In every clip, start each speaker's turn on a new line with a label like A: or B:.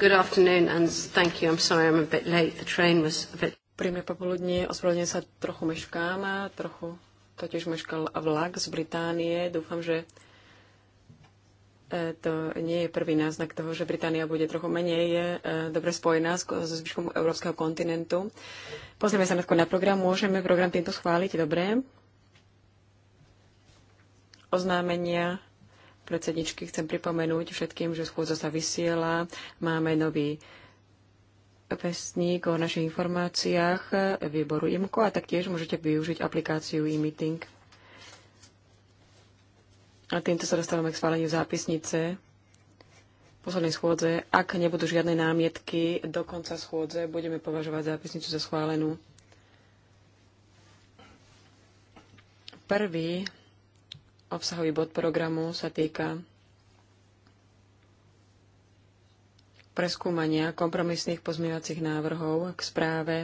A: Good afternoon and thank you. I'm sorry I'm a bit late. The train was a bit... Príjemné popoludnie, ospravedlňujem sa, trochu meškám, trochu totiž meškal vlak z Británie. Dúfam, že e, to nie je prvý náznak toho, že Británia bude trochu menej e, dobre spojená so zvyškom európskeho kontinentu. Pozrieme sa na program. Môžeme program týmto schváliť, dobre? Oznámenia predsedničky chcem pripomenúť všetkým, že schôdza sa vysiela. Máme nový vestník o našich informáciách výboru IMCO a taktiež môžete využiť aplikáciu e-meeting. A týmto sa dostávame k schváleniu zápisnice poslednej schôdze. Ak nebudú žiadne námietky do konca schôdze, budeme považovať zápisnicu za schválenú. Prvý Obsahový bod programu sa týka preskúmania kompromisných pozmeňovacích návrhov k správe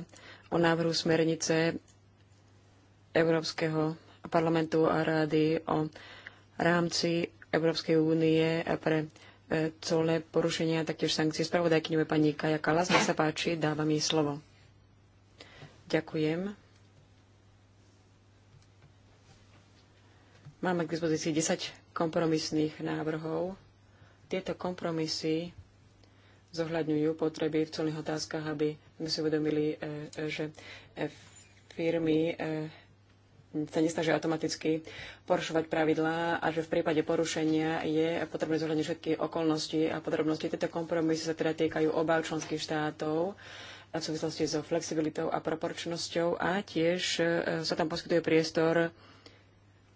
A: o návrhu smernice Európskeho parlamentu a rády o rámci Európskej únie pre e, colné porušenia a taktiež sankcie. Spravodajkyňuje pani Kaja Kalas. Nech sa páči, dávam jej slovo. Ďakujem. Máme k dispozícii 10 kompromisných návrhov. Tieto kompromisy zohľadňujú potreby v celých otázkach, aby sme si uvedomili, e, e, že e, firmy sa nesnažia automaticky porušovať pravidlá a že v prípade porušenia je potrebné zohľadniť všetky okolnosti a podrobnosti. Tieto kompromisy sa teda týkajú obav členských štátov v súvislosti so flexibilitou a proporčnosťou a tiež sa tam poskytuje priestor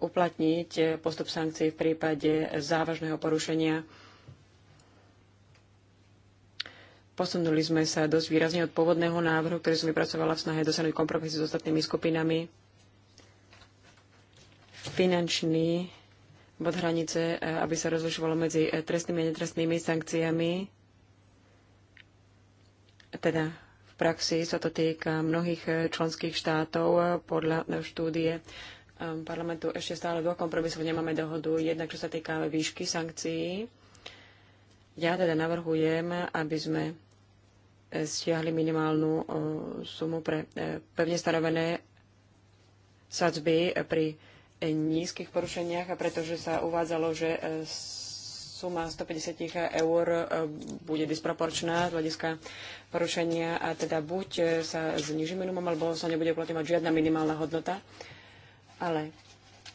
A: uplatniť postup sankcií v prípade závažného porušenia. Posunuli sme sa dosť výrazne od pôvodného návrhu, ktorý som vypracovala v snahe dosiahnuť kompromisy s ostatnými skupinami. Finančný bod hranice, e, aby sa rozlišovalo medzi e, trestnými a netrestnými sankciami. Teda v praxi sa to týka mnohých e, členských štátov podľa štúdie parlamentu ešte stále do kompromisu nemáme dohodu, jednak čo sa týka výšky sankcií. Ja teda navrhujem, aby sme eh, stiahli minimálnu eh, sumu pre eh, pevne stanovené sadzby pri nízkych porušeniach, pretože sa uvádzalo, že suma 150 eur bude disproporčná z hľadiska porušenia a teda buď sa zniží minimum, alebo sa nebude uplatňovať žiadna minimálna hodnota. Ale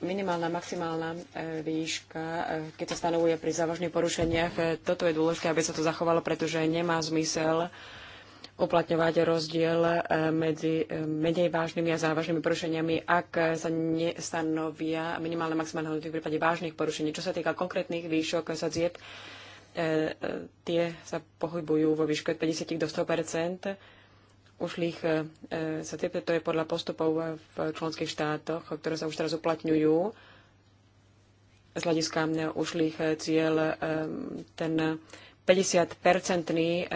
A: minimálna, maximálna e, výška, e, keď sa stanovuje pri závažných porušeniach, e, toto je dôležité, aby sa to zachovalo, pretože nemá zmysel uplatňovať rozdiel medzi menej vážnymi a závažnými porušeniami, ak sa nestanovia minimálne maximálne hodnoty v prípade vážnych porušení. Čo sa týka konkrétnych výšok sadzieb, tie sa pohybujú vo výške od 50 do 100 ušlých e, e, tie, to je podľa postupov v členských štátoch, ktoré sa už teraz uplatňujú z hľadiska ušlých e, cieľ. Ten 50-percentný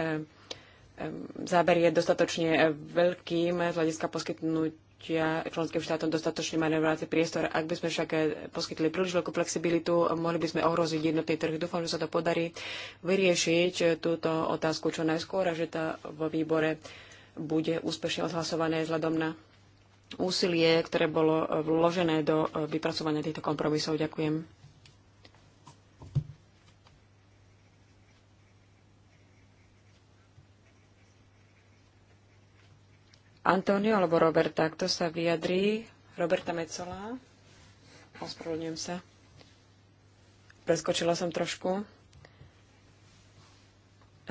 A: záber je dostatočne veľkým z hľadiska poskytnutia členským štátom dostatočne manevrácie priestor. Ak by sme však poskytli príliš veľkú flexibilitu, mohli by sme ohroziť jednotný trh. Dúfam, že sa to podarí vyriešiť túto otázku čo najskôr a že tá vo výbore bude úspešne odhlasované vzhľadom na úsilie, ktoré bolo vložené do vypracovania týchto kompromisov. Ďakujem. Antonio alebo Roberta, kto sa vyjadrí? Roberta Mecola. Ospravedlňujem sa. Preskočila som trošku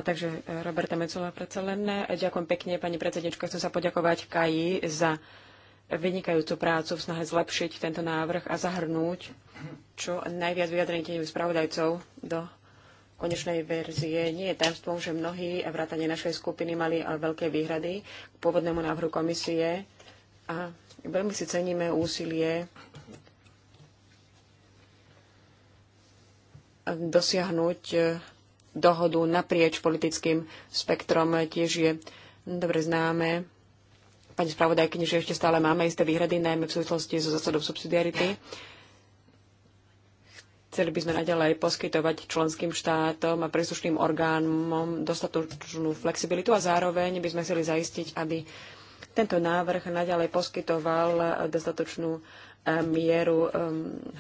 A: takže e, Roberta Mecula predsa len. E, ďakujem pekne, pani predsednička. Chcem sa poďakovať Kaji za vynikajúcu prácu v snahe zlepšiť tento návrh a zahrnúť čo najviac vyjadrení tieňových spravodajcov do konečnej verzie. Nie je tajomstvom, že mnohí vrátane našej skupiny mali e, veľké výhrady k pôvodnému návrhu komisie a veľmi si ceníme úsilie dosiahnuť dohodu naprieč politickým spektrom. Tiež je dobre známe, pani spravodajkyni, že ešte stále máme isté výhrady, najmä v súvislosti so zásadou subsidiarity. Chceli by sme naďalej poskytovať členským štátom a príslušným orgánom dostatočnú flexibilitu a zároveň by sme chceli zaistiť, aby tento návrh naďalej poskytoval dostatočnú eh, mieru eh,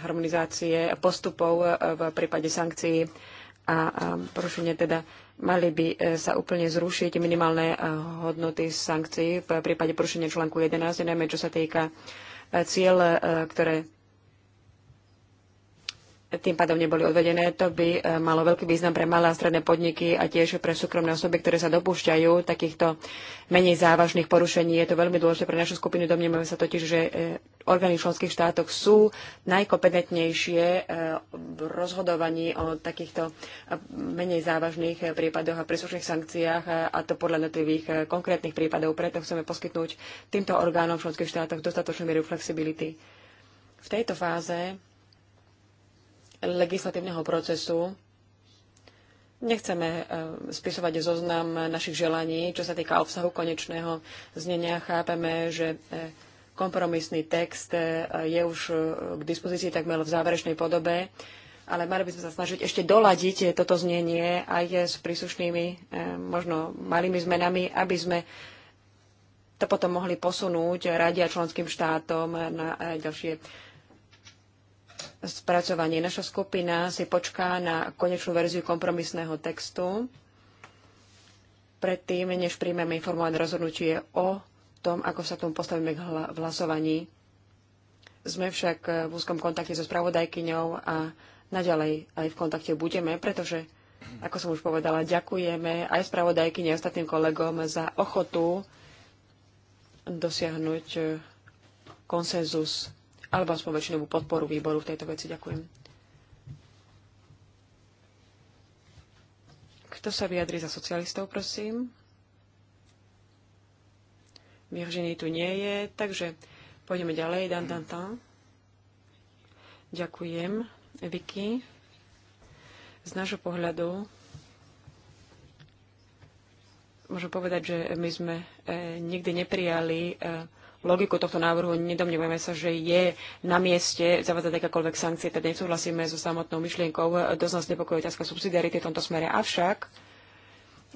A: harmonizácie postupov eh, v prípade sankcií a, a porušenie teda mali by e, sa úplne zrušiť minimálne e, hodnoty sankcií v prípade porušenia článku 11, najmä čo sa týka e, cieľ, ktoré tým pádom neboli odvedené. To by e, malo veľký význam pre malé a stredné podniky a tiež pre súkromné osoby, ktoré sa dopúšťajú takýchto menej závažných porušení. Je to veľmi dôležité pre našu skupinu. Domnievame sa totiž, že e, orgány členských štátoch sú najkompetentnejšie e, v rozhodovaní o takýchto menej závažných prípadoch a príslušných sankciách a to podľa jednotlivých konkrétnych prípadov. Preto chceme poskytnúť týmto orgánom v členských štátoch dostatočnú mieru flexibility. V tejto fáze legislatívneho procesu. Nechceme eh, spisovať zoznam našich želaní, čo sa týka obsahu konečného znenia. Chápeme, že eh, kompromisný text eh, je už k dispozícii takmer v záverečnej podobe, ale mali by sme sa snažiť ešte doladiť toto znenie aj s príslušnými možno malými zmenami, aby sme to potom mohli posunúť radia členským štátom na ďalšie spracovanie. Naša skupina si počká na konečnú verziu kompromisného textu predtým, než príjmeme informované rozhodnutie o tom, ako sa k tomu postavíme k hla- v hlasovaní. Sme však v úzkom kontakte so spravodajkyňou a naďalej aj v kontakte budeme, pretože, ako som už povedala, ďakujeme aj spravodajkyni a ostatným kolegom za ochotu dosiahnuť konsenzus alebo aspoň väčšinovú podporu výboru v tejto veci. Ďakujem. Kto sa vyjadri za socialistov, prosím? Virginie tu nie je, takže pôjdeme ďalej. Dan, dan, dan. Ďakujem, Vicky. Z nášho pohľadu môžem povedať, že my sme eh, nikdy neprijali eh, logiku tohto návrhu. Nedomnievame sa, že je na mieste zavádzať akékoľvek sankcie, teda nesúhlasíme so samotnou myšlienkou. Dosť nás nepokojuje otázka subsidiarity v tomto smere. Avšak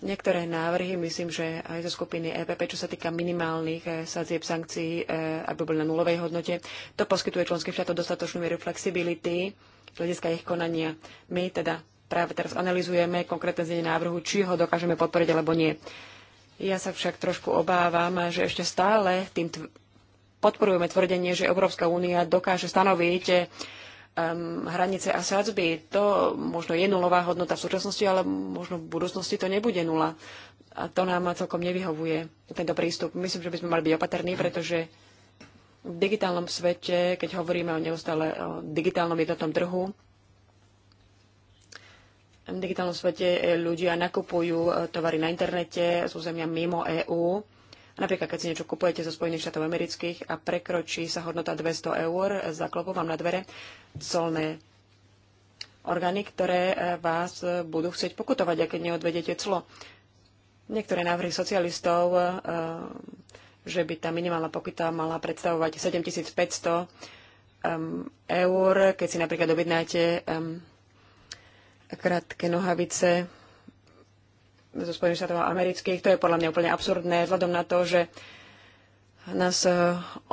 A: niektoré návrhy, myslím, že aj zo skupiny EPP, čo sa týka minimálnych eh, sadzieb sankcií, eh, aby boli na nulovej hodnote, to poskytuje členským štátom dostatočnú mieru flexibility z hľadiska ich konania. My teda práve teraz analizujeme konkrétne znenie návrhu, či ho dokážeme podporiť alebo nie. Ja sa však trošku obávam, že ešte stále tým podporujeme tvrdenie, že Európska únia dokáže stanoviť um, hranice a sadzby. To možno je nulová hodnota v súčasnosti, ale možno v budúcnosti to nebude nula. A to nám celkom nevyhovuje, tento prístup. Myslím, že by sme mali byť opatrní, pretože v digitálnom svete, keď hovoríme o neustále o digitálnom jednotnom trhu, v digitálnom svete e, ľudia nakupujú e, tovary na internete z územia mimo EÚ. Napríklad, keď si niečo kupujete zo Spojených štátov amerických a prekročí sa hodnota 200 eur, e, zaklopú vám na dvere colné orgány, ktoré vás budú chcieť pokutovať, ak neodvedete clo. Niektoré návrhy socialistov, že by tá minimálna pokuta mala predstavovať 7500 eur, keď si napríklad objednáte krátke nohavice zo Spojených štátov amerických. To je podľa mňa úplne absurdné, vzhľadom na to, že nás eh,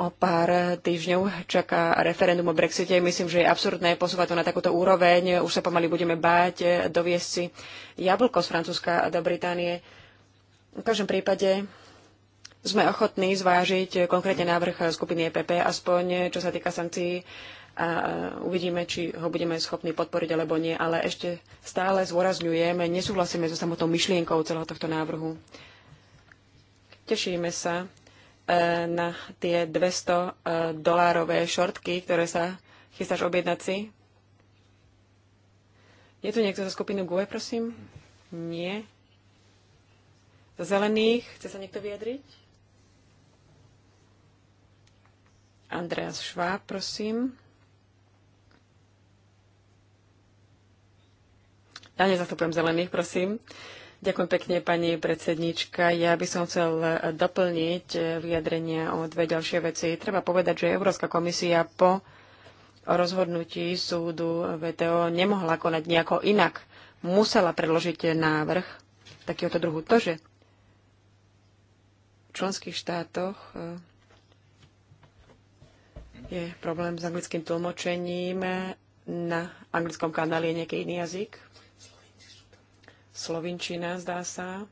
A: o pár týždňov čaká referendum o Brexite. Myslím, že je absurdné posúvať to na takúto úroveň. Už sa pomaly budeme báť eh, doviesť si jablko z Francúzska do Británie. V každom prípade sme ochotní zvážiť konkrétne návrh skupiny EPP, aspoň čo sa týka sankcií a uvidíme, či ho budeme schopní podporiť alebo nie, ale ešte stále zdôrazňujeme, nesúhlasíme so samotnou myšlienkou celého tohto návrhu. Tešíme sa e, na tie 200 e, dolárové šortky, ktoré sa chystáš objednať si. Je tu niekto za skupinu GUE, prosím? Nie. Za zelených chce sa niekto vyjadriť? Andreas Schwab, prosím. Ja nezastupujem zelených, prosím. Ďakujem pekne, pani predsednička. Ja by som chcel doplniť vyjadrenia o dve ďalšie veci. Treba povedať, že Európska komisia po rozhodnutí súdu VTO nemohla konať nejako inak. Musela predložiť návrh takéhoto druhu. To, že v členských štátoch eh, je problém s anglickým tlmočením, na anglickom kanáli je nejaký iný jazyk, Slovinčina, zdá sa.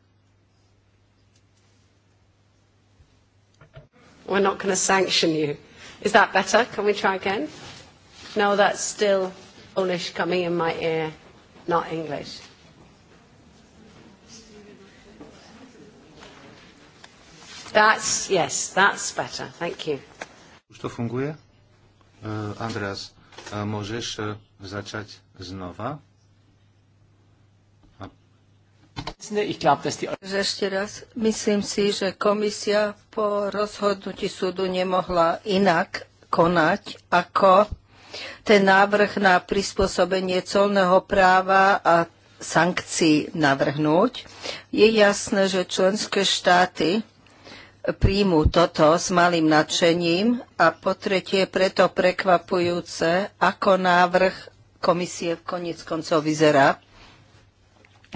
B: We're not going to sanction you. Is that better? Can we try again? No, that's still Polish coming in my ear, not English. That's, yes, that's better. Thank you.
C: Už to funguje? Uh, Andreas, uh, môžeš uh, začať znova?
D: Ešte raz, myslím si, že komisia po rozhodnutí súdu nemohla inak konať ako ten návrh na prispôsobenie colného práva a sankcií navrhnúť. Je jasné, že členské štáty príjmu toto s malým nadšením a po tretie preto prekvapujúce, ako návrh komisie v konec koncov vyzerá.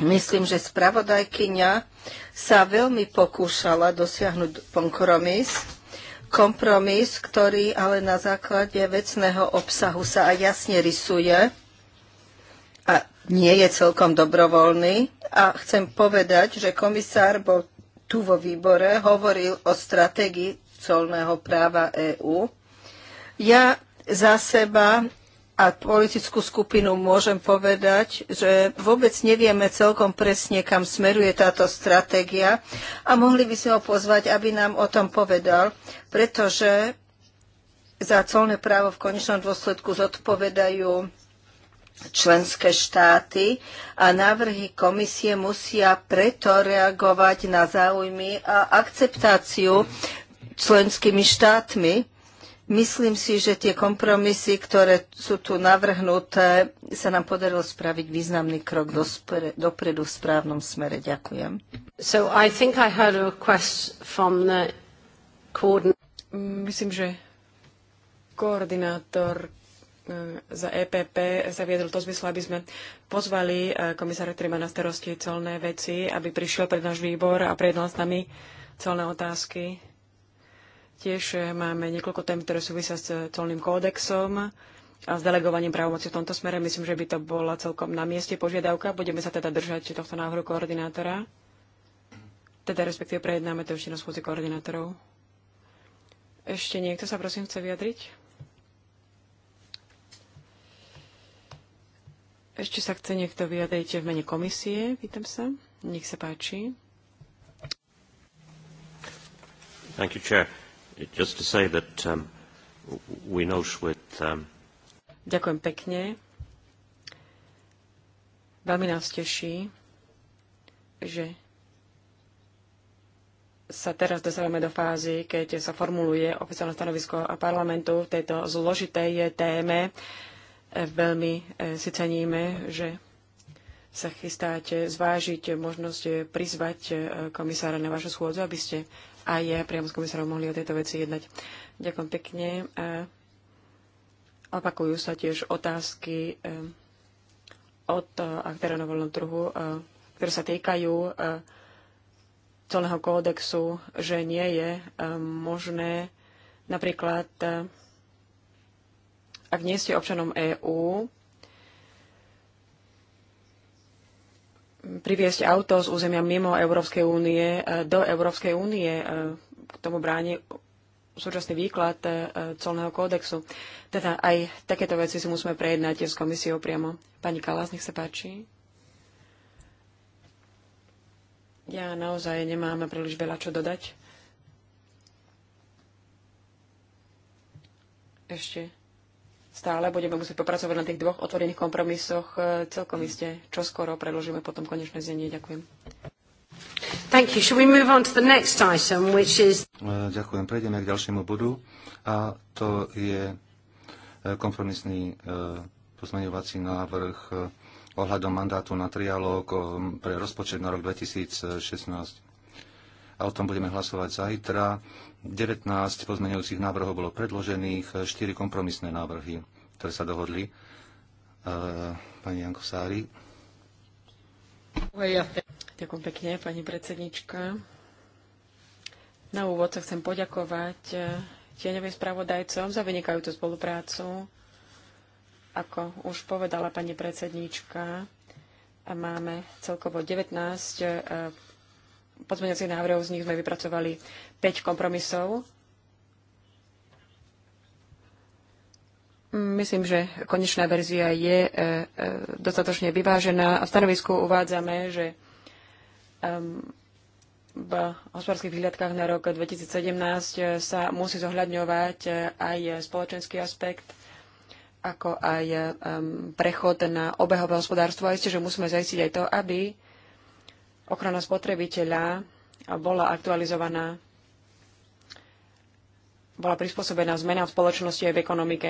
D: Myslím, že spravodajkyňa sa veľmi pokúšala dosiahnuť kompromis, kompromis, ktorý ale na základe vecného obsahu sa aj jasne rysuje a nie je celkom dobrovoľný. A chcem povedať, že komisár bol tu vo výbore, hovoril o stratégii colného práva EÚ. Ja za seba a politickú skupinu môžem povedať, že vôbec nevieme celkom presne, kam smeruje táto stratégia a mohli by sme ho pozvať, aby nám o tom povedal, pretože za colné právo v konečnom dôsledku zodpovedajú členské štáty a návrhy komisie musia preto reagovať na záujmy a akceptáciu členskými štátmi Myslím si, že tie kompromisy, ktoré sú tu navrhnuté, sa nám podarilo spraviť významný krok dospre, dopredu v správnom smere. Ďakujem. So I think I
B: heard a request from the
A: Myslím, že koordinátor e, za EPP sa viedol to zmysle, aby sme pozvali e, komisára, ktorý má na starosti celné veci, aby prišiel pred náš výbor a prejednal s nami celné otázky Tiež eh, máme niekoľko tém, ktoré súvisia s eh, colným kódexom a s delegovaním právomoci v tomto smere. Myslím, že by to bola celkom na mieste požiadavka. Budeme sa teda držať tohto návrhu koordinátora. Teda respektíve prejednáme to ešte na schôdzi koordinátorov. Ešte niekto sa prosím chce vyjadriť? Ešte sa chce niekto vyjadriť v mene komisie. Vítam sa. Nech sa páči. Thank you, Chair. Just to say that um,
C: we with, um...
A: Ďakujem pekne. Veľmi nás teší, že sa teraz dostávame do fázy, keď sa formuluje oficiálne stanovisko parlamentu v tejto zložitej téme. Veľmi e, si ceníme, že sa chystáte zvážiť možnosť prizvať e, komisára na vašu schôdzu, aby ste aj je priamo s komisárom mohli o tejto veci jednať. Ďakujem pekne. Opakujú sa tiež otázky eh, od aktéra na voľnom trhu, eh, ktoré sa týkajú eh, celného kódexu, že nie je možné napríklad, ak nie ste občanom EÚ, priviesť auto z územia mimo Európskej únie e, do Európskej únie. E, k tomu bráni súčasný výklad e, colného kódexu. Teda aj takéto veci si musíme prejednať s komisiou priamo. Pani Kalas, nech sa páči. Ja naozaj nemám príliš veľa čo dodať. Ešte stále budeme musieť popracovať na tých dvoch otvorených kompromisoch. E, Celkom iste, čo skoro predložíme potom konečné znenie. Ďakujem. Thank you. Shall we move on to the
B: next item, which is...
C: E, ďakujem. Prejdeme k ďalšiemu bodu. A to je e, kompromisný pozmeňovací návrh ohľadom mandátu na trialóg pre rozpočet na rok 2016. A o tom budeme hlasovať zajtra. 19 pozmeňujúcich návrhov bolo predložených, 4 kompromisné návrhy, ktoré sa dohodli. E, pani Janko Sári.
A: Ďakujem pekne, pani predsednička. Na úvod sa chcem poďakovať e, tieňovým spravodajcom za vynikajúcu spoluprácu. Ako už povedala pani predsedníčka, máme celkovo 19 pozmeňovacích návrhov, z nich sme vypracovali 5 kompromisov. Myslím, že konečná verzia je e, e, dostatočne vyvážená a v stanovisku uvádzame, že v hospodárských výhľadkách na rok 2017 e, sa musí zohľadňovať aj spoločenský aspekt, ako aj prechod na obehové hospodárstvo. A isté, že musíme zajistiť aj to, aby ochrana spotrebiteľa bola aktualizovaná, bola prispôsobená zmena v spoločnosti aj v ekonomike.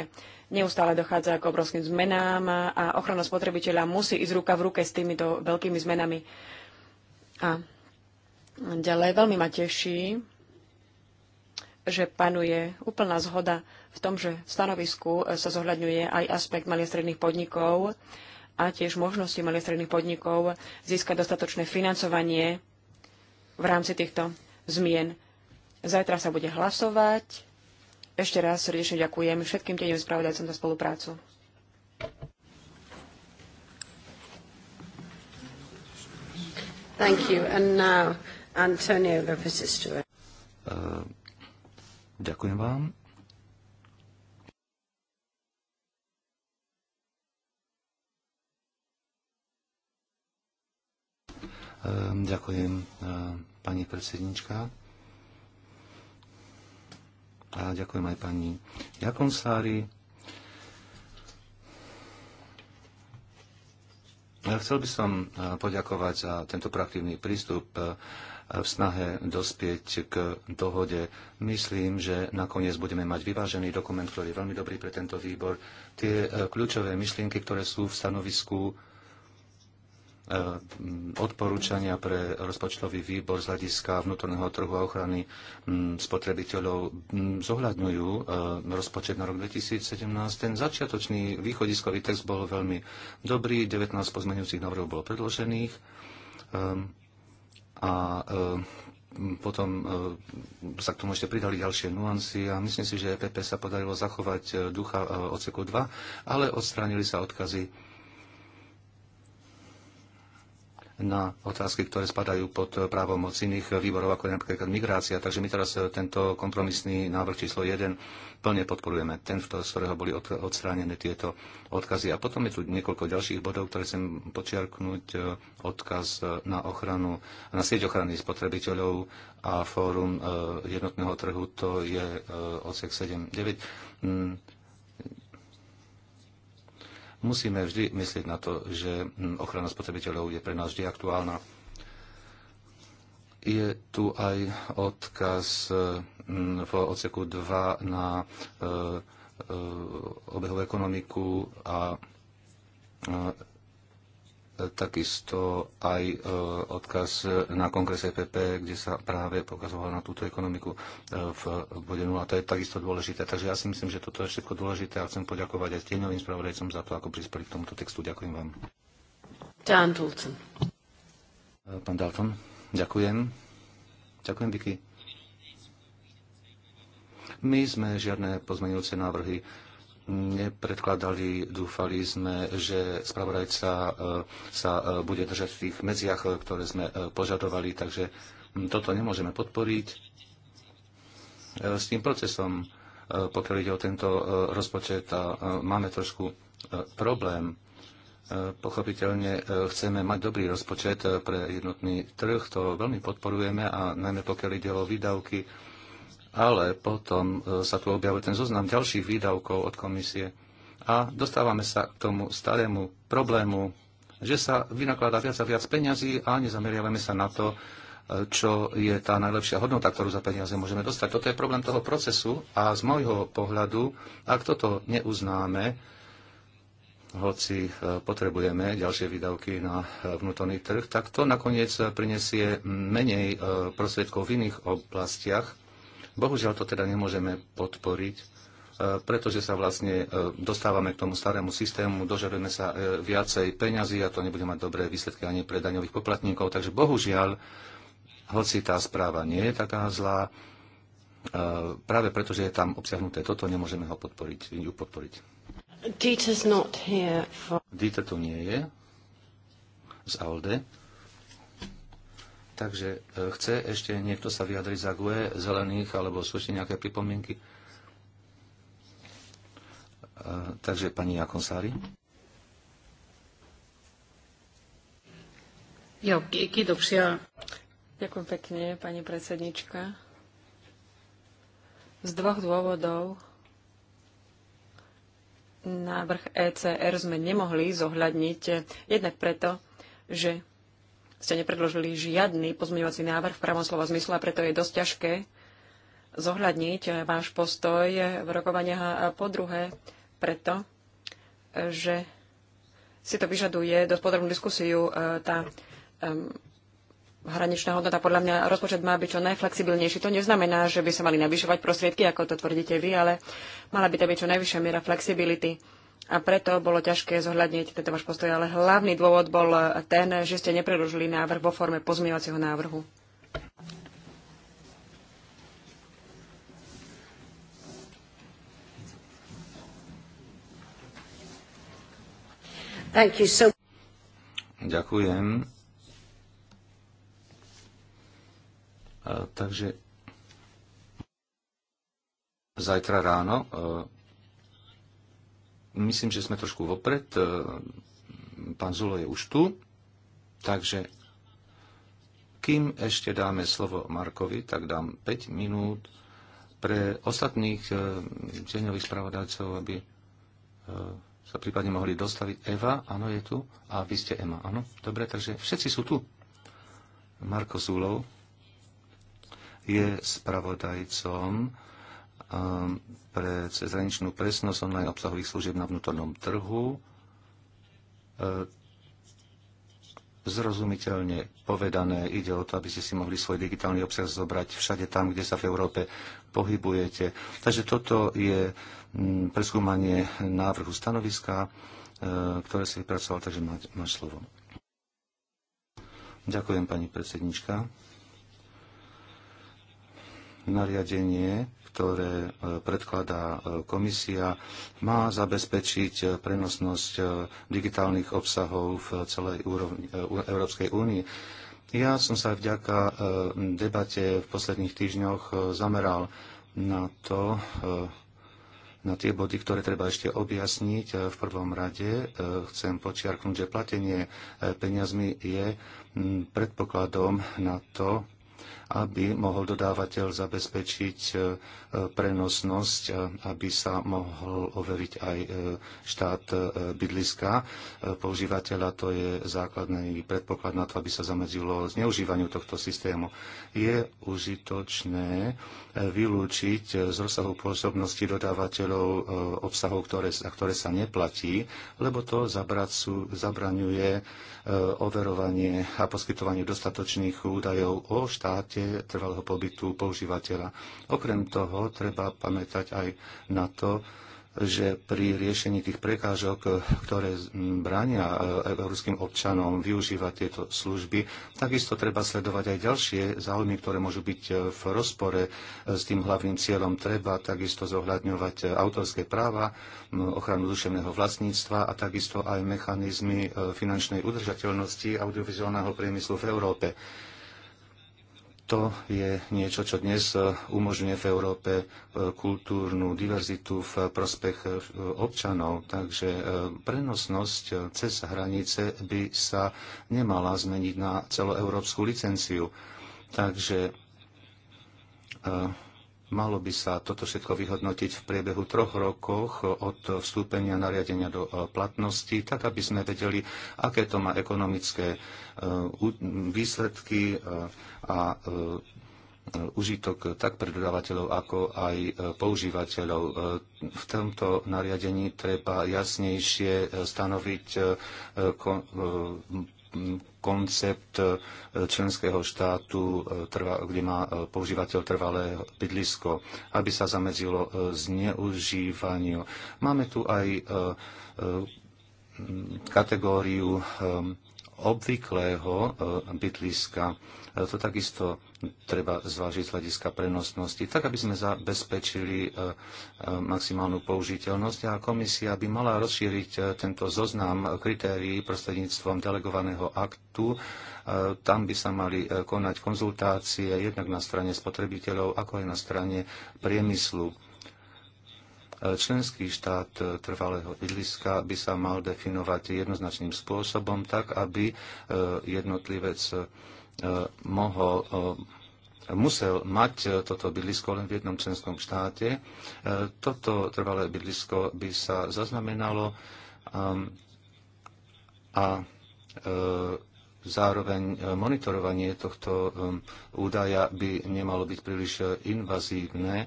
A: Neustále dochádza k obrovským zmenám a ochrana spotrebiteľa musí ísť ruka v ruke s týmito veľkými zmenami. A ďalej veľmi ma teší, že panuje úplná zhoda v tom, že v stanovisku sa zohľadňuje aj aspekt malých stredných podnikov, a tiež možnosti malých stredných podnikov získať dostatočné financovanie v rámci týchto zmien. Zajtra sa bude hlasovať. Ešte raz srdečne ďakujem všetkým tieňovým spravodajcom za spoluprácu.
B: Thank you. And now Antonio
C: Uh, ďakujem vám. Ehm, ďakujem, ehm, pani predsednička. A ďakujem aj pani Jakonsári. Chcel by som e, poďakovať za tento proaktívny prístup e, v snahe dospieť k dohode. Myslím, že nakoniec budeme mať vyvážený dokument, ktorý je veľmi dobrý pre tento výbor. Tie e, kľúčové myšlienky, ktoré sú v stanovisku Eh, odporúčania pre rozpočtový výbor z hľadiska vnútorného trhu a ochrany mm, spotrebiteľov mm, zohľadňujú eh, rozpočet na rok 2017. Ten začiatočný východiskový text bol veľmi dobrý, 19 pozmeňujúcich návrhov bolo predložených eh, a potom sa k tomu ešte pridali ďalšie nuancy a myslím si, že EPP sa podarilo zachovať ducha odseku 2, ale odstránili sa odkazy na otázky, ktoré spadajú pod právomoc iných výborov, ako je napríklad migrácia. Takže my teraz eh, tento kompromisný návrh číslo 1 plne podporujeme. Ten, z ktorého boli odstránené tieto odkazy. A potom je tu niekoľko ďalších bodov, ktoré chcem počiarknúť. Eh, odkaz eh, na ochranu, na sieť ochrany spotrebiteľov a fórum jednotného trhu, to je odsek 7.9 Musíme vždy myslieť na to, že mm, ochrana spotrebiteľov je pre nás vždy aktuálna. Je tu aj odkaz mm, v odseku 2 na e, e, obehovú ekonomiku a e, takisto aj e, odkaz na kongres EPP, kde sa práve pokazovalo na túto ekonomiku e, v bode 0. To je takisto dôležité. Takže ja si myslím, že toto je všetko dôležité a chcem poďakovať aj tieňovým spravodajcom za to, ako prispeli k tomuto textu. Ďakujem vám.
B: Dan Dalton.
C: E, pán Dalton, ďakujem. Ďakujem, Vicky. My sme žiadne pozmenujúce návrhy nepredkladali. Dúfali sme, že spravodajca e, sa e, bude držať v tých medziach, e, ktoré sme požadovali, takže toto nemôžeme podporiť. S tým procesom, pokiaľ ide o tento rozpočet, máme trošku problém. Pochopiteľne chceme mať dobrý rozpočet pre jednotný trh, to veľmi podporujeme a najmä pokiaľ ide o výdavky, ale potom e, sa tu objavuje ten zoznam ďalších výdavkov od komisie a dostávame sa k tomu starému problému, že sa vynakladá viac a viac peňazí a nezameriavame sa na to, e, čo je tá najlepšia hodnota, ktorú za peniaze môžeme dostať. Toto je problém toho procesu a z môjho pohľadu, ak toto neuznáme, hoci e, potrebujeme ďalšie výdavky na vnútorný trh, tak to nakoniec prinesie menej prostriedkov v iných oblastiach Bohužiaľ to teda nemôžeme podporiť, e, pretože sa vlastne e, dostávame k tomu starému systému, dožadujeme sa e, viacej peňazí a to nebude mať dobré výsledky ani pre daňových poplatníkov. Takže bohužiaľ, hoci tá správa nie je taká zlá, práve preto, že je tam obsiahnuté toto, nemôžeme ho podporiť, ju podporiť.
B: Dieter
C: tu nie je z ALDE. Takže e, chce ešte niekto sa vyjadriť za GUE, zelených, alebo sú ešte nejaké pripomienky? E, takže pani Jakonsári.
A: Jo, kiitoksia. Ďakujem pekne, pani predsednička. Z dvoch dôvodov návrh ECR sme nemohli zohľadniť. Jednak preto, že ste nepredložili žiadny pozmeňovací návrh v pravom slova zmysle a preto je dosť ťažké zohľadniť eh, váš postoj v rokovaniach a po druhé preto, eh, že si to vyžaduje dosť podrobnú diskusiu. Eh, tá hraničná hodnota, podľa mňa rozpočet má byť čo najflexibilnejší. To neznamená, že by sa mali navyšovať prostriedky, ako to tvrdíte vy, ale mala by to byť čo najvyššia miera flexibility a preto bolo ťažké zohľadniť tento váš postoj, ale hlavný dôvod bol ten, že ste nepredložili návrh vo forme pozmievacieho návrhu.
D: Thank you so...
C: Ďakujem. takže zajtra ráno e, Myslím, že sme trošku vopred. E, pán Zulo je už tu. Takže kým ešte dáme slovo Markovi, tak dám 5 minút pre ostatných e, tieňových spravodajcov, aby e, sa prípadne mohli dostaviť. Eva, áno, je tu. A vy ste Ema, áno. Dobre, takže všetci sú tu. Marko Zulov je spravodajcom Ehm, pre cezraničnú presnosť online obsahových služieb na vnútornom trhu. Ehm, zrozumiteľne povedané ide o to, aby ste si mohli svoj digitálny obsah zobrať všade tam, kde sa v Európe pohybujete. Takže toto je mm, preskúmanie návrhu stanoviska, ehm, ktoré si vypracoval, takže máš, máš slovo. Ďakujem, pani predsednička. Nariadenie ktoré e, predkladá e, komisia, má zabezpečiť e, prenosnosť digitálnych obsahov v celej úrovni, Európskej únii. Ja som sa vďaka debate v posledných týždňoch zameral na to, na tie body, ktoré treba ešte objasniť. V prvom rade chcem počiarknúť, že platenie peniazmi je predpokladom na to, aby mohol dodávateľ zabezpečiť e, prenosnosť, e, aby sa mohol overiť aj e, štát bydliska používateľa. To je základný predpoklad na to, aby sa zamedzilo zneužívaniu tohto systému. Je užitočné vylúčiť z rozsahu pôsobnosti dodávateľov obsahov, ktoré, za ktoré sa neplatí, lebo to zabracu, zabraňuje overovanie a poskytovanie dostatočných údajov o štáte mieste trvalého pobytu používateľa. Okrem toho treba pamätať aj na to, že pri riešení tých prekážok, ktoré bránia e, európskym občanom využívať tieto služby, takisto treba sledovať aj ďalšie záujmy, ktoré môžu byť e, v rozpore e, s tým hlavným cieľom. Treba takisto zohľadňovať autorské práva, ochranu duševného vlastníctva a takisto aj mechanizmy finančnej udržateľnosti audiovizuálneho priemyslu v Európe. To je niečo, čo dnes e, umožňuje v Európe e, kultúrnu diverzitu v prospech e, občanov, takže prenosnosť cez hranice by sa nemala zmeniť na celoeurópsku licenciu. Takže malo by sa toto všetko vyhodnotiť v priebehu troch rokoch od vstúpenia nariadenia do platnosti, tak aby sme vedeli, aké to má ekonomické výsledky, a e, užitok tak pre dodávateľov, ako aj e, používateľov. E, v tomto nariadení treba jasnejšie stanoviť koncept členského štátu, kde má používateľ trvalé bydlisko, aby sa zamedzilo zneužívaniu. Máme tu aj kategóriu obvyklého eh, bytliska. Eh, to takisto treba zvážiť z hľadiska prenosnosti, tak aby sme zabezpečili eh, maximálnu použiteľnosť a komisia by mala rozšíriť tento zoznam kritérií prostredníctvom delegovaného aktu. Tam by sa mali konať konzultácie jednak na strane spotrebiteľov, ako aj na strane priemyslu. Členský štát e, trvalého bydliska by sa mal definovať jednoznačným spôsobom, tak aby e, jednotlivec e, mohol musel mať toto bydlisko len v jednom členskom štáte. Toto trvalé bydlisko by sa zaznamenalo a zároveň monitorovanie tohto údaja by nemalo byť príliš invazívne.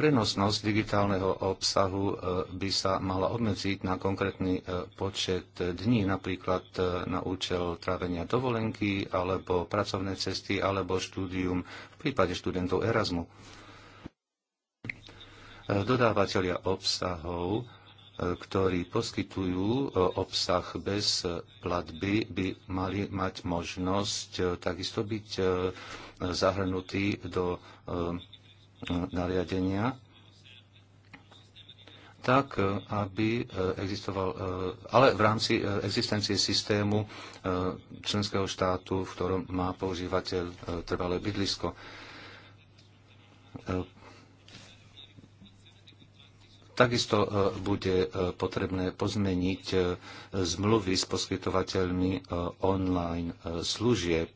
C: Prenosnosť digitálneho obsahu e, by sa mala obmedziť na konkrétny e, počet dní, napríklad e, na účel trávenia dovolenky alebo pracovné cesty alebo štúdium v prípade študentov Erasmu. Dodávateľia obsahov, ktorí poskytujú obsah bez platby, by mali mať možnosť takisto byť zahrnutí do E, nariadenia, tak, e, aby e, existoval, ale v rámci existencie systému členského štátu, v ktorom má používateľ trvalé bydlisko. Takisto bude potrebné pozmeniť zmluvy s poskytovateľmi online služieb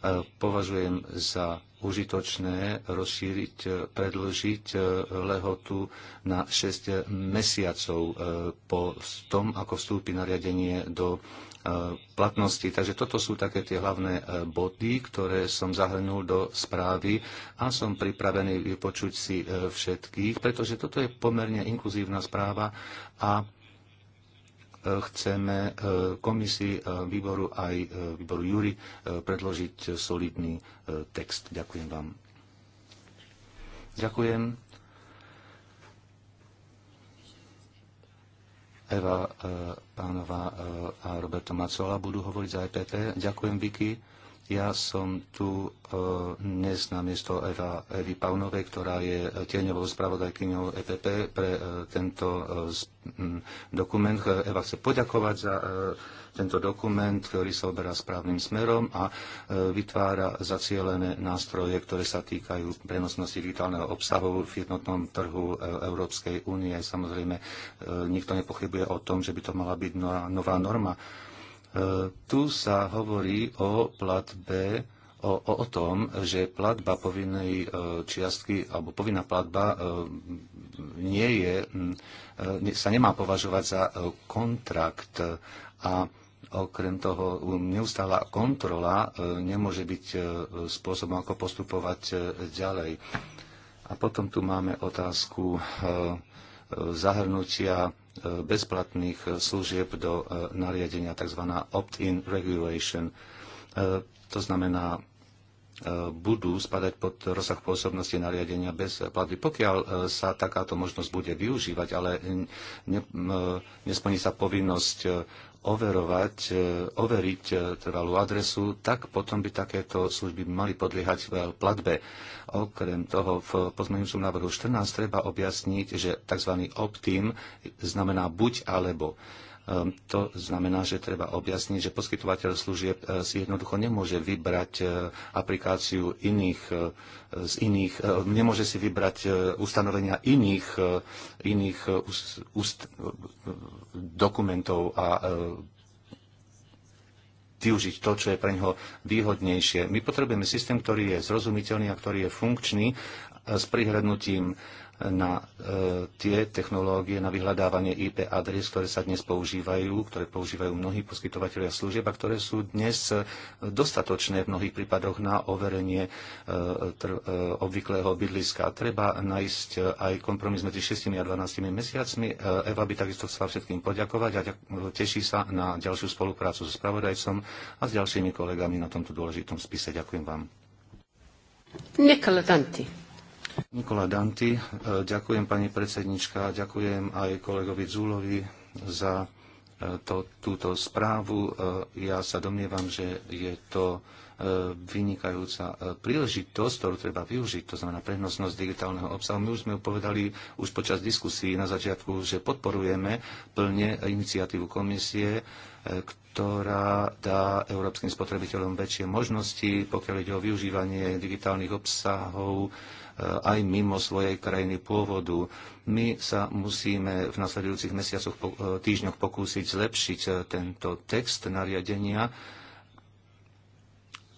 C: E, považujem za užitočné rozšíriť, e, predložiť e, lehotu na 6 mesiacov po tom, ako vstúpi nariadenie do platnosti. Takže toto sú také tie hlavné body, ktoré som zahrnul do správy a som pripravený vypočuť si všetkých, pretože toto je pomerne inkluzívna správa a chceme e, komisii výboru aj e, výboru Júri e, predložiť solidný text. Ďakujem vám. Ďakujem. Eva Pánová a Roberto Macola budú hovoriť za EPP. Ďakujem, Vicky. Ja som tu e, dnes na miesto Eva, Evy Paunovej, ktorá je tieňovou spravodajkyňou EPP pre e, tento e, dokument. Eva chce poďakovať za tento dokument, ktorý sa oberá správnym smerom a vytvára zacielené nástroje, ktoré sa týkajú prenosnosti digitálneho obsahu v jednotnom trhu Európskej únie. Samozrejme, nikto nepochybuje o tom, že by to mala byť no-, nová norma E, tu sa hovorí o platbe, o, o, o tom, že platba povinnej e, čiastky alebo povinná platba e, nie je, sa nemá považovať za kontrakt a Okrem toho, neustála kontrola nemôže byť spôsobom, ako postupovať ďalej. A potom tu máme otázku zahrnutia bezplatných služieb do e, nariadenia, tzv. opt-in regulation. E, to znamená, e, budú spadať pod rozsah pôsobnosti nariadenia bez platby, pokiaľ sa takáto možnosť bude využívať, ale nesplní sa povinnosť overovať, e, overiť e, trvalú teda adresu, tak potom by takéto služby mali podliehať e, platbe. Okrem toho v pozmeňujúcom návrhu 14 treba objasniť, že tzv. opt-in znamená buď alebo. Ehm, to znamená, že treba objasniť, že poskytovateľ služieb e, si jednoducho nemôže vybrať e, aplikáciu iných, e, z iných, nemôže si vybrať ustanovenia iných, iných úst, dokumentov a využiť to, čo je pre ňoho výhodnejšie. My potrebujeme systém, ktorý je zrozumiteľný a ktorý je funkčný s prihľadnutím na e, tie technológie na vyhľadávanie IP adres, ktoré sa dnes používajú, ktoré používajú mnohí poskytovateľia služieb a ktoré sú dnes e, dostatočné v mnohých prípadoch na overenie e, obvyklého bydliska. Treba nájsť aj kompromis medzi 6 a 12 mesiacmi. Eva by takisto chcela všetkým poďakovať a teší sa na ďalšiu spoluprácu so spravodajcom a s ďalšími kolegami na tomto dôležitom spise. Ďakujem vám.
B: Nikola Danti.
C: Nikola Danti, e, ďakujem pani predsednička, ďakujem aj kolegovi Zúlovi za e, to, túto správu. E, ja sa domnievam, že je to vynikajúca príležitosť, ktorú treba využiť, to znamená prenosnosť digitálneho obsahu. My už sme povedali už počas diskusí na začiatku, že podporujeme plne iniciatívu komisie, ktorá dá európskym spotrebiteľom väčšie možnosti, pokiaľ ide o využívanie digitálnych obsahov aj mimo svojej krajiny pôvodu. My sa musíme v nasledujúcich mesiacoch, e, týždňoch pokúsiť zlepšiť e, tento text nariadenia.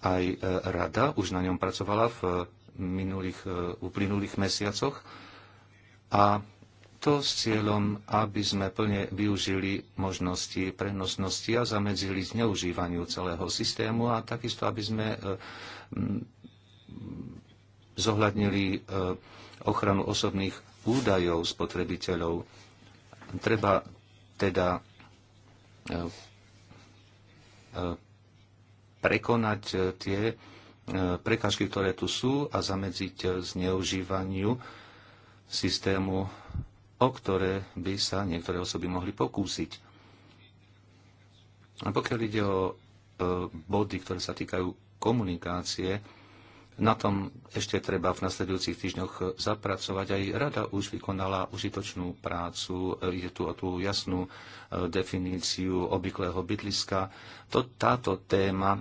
C: Aj e, rada už na ňom pracovala v minulých, uplynulých mesiacoch a to s cieľom, aby sme plne využili možnosti prenosnosti a zamedzili zneužívaniu celého systému a takisto, aby sme zohľadnili e, ochranu osobných údajov spotrebiteľov. Treba teda e, e, prekonať tie prekažky, ktoré tu sú a zamedziť zneužívaniu systému, o ktoré by sa niektoré osoby mohli pokúsiť. A pokiaľ ide o body, ktoré sa týkajú komunikácie, na tom ešte treba v nasledujúcich týždňoch zapracovať. Aj rada už vykonala užitočnú prácu. Ide tu o tú jasnú e, definíciu obvyklého bytliska. To, táto téma e,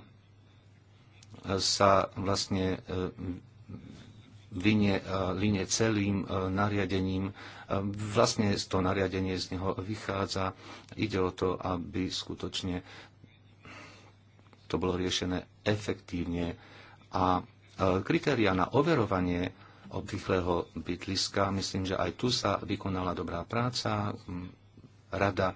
C: sa vlastne e, vinie, linie celým nariadením. Vlastne to nariadenie z neho vychádza. Ide o to, aby skutočne to bolo riešené efektívne a Eh, kritéria na overovanie obvyklého bytliska. Myslím, že aj tu sa vykonala dobrá práca. Mm, rada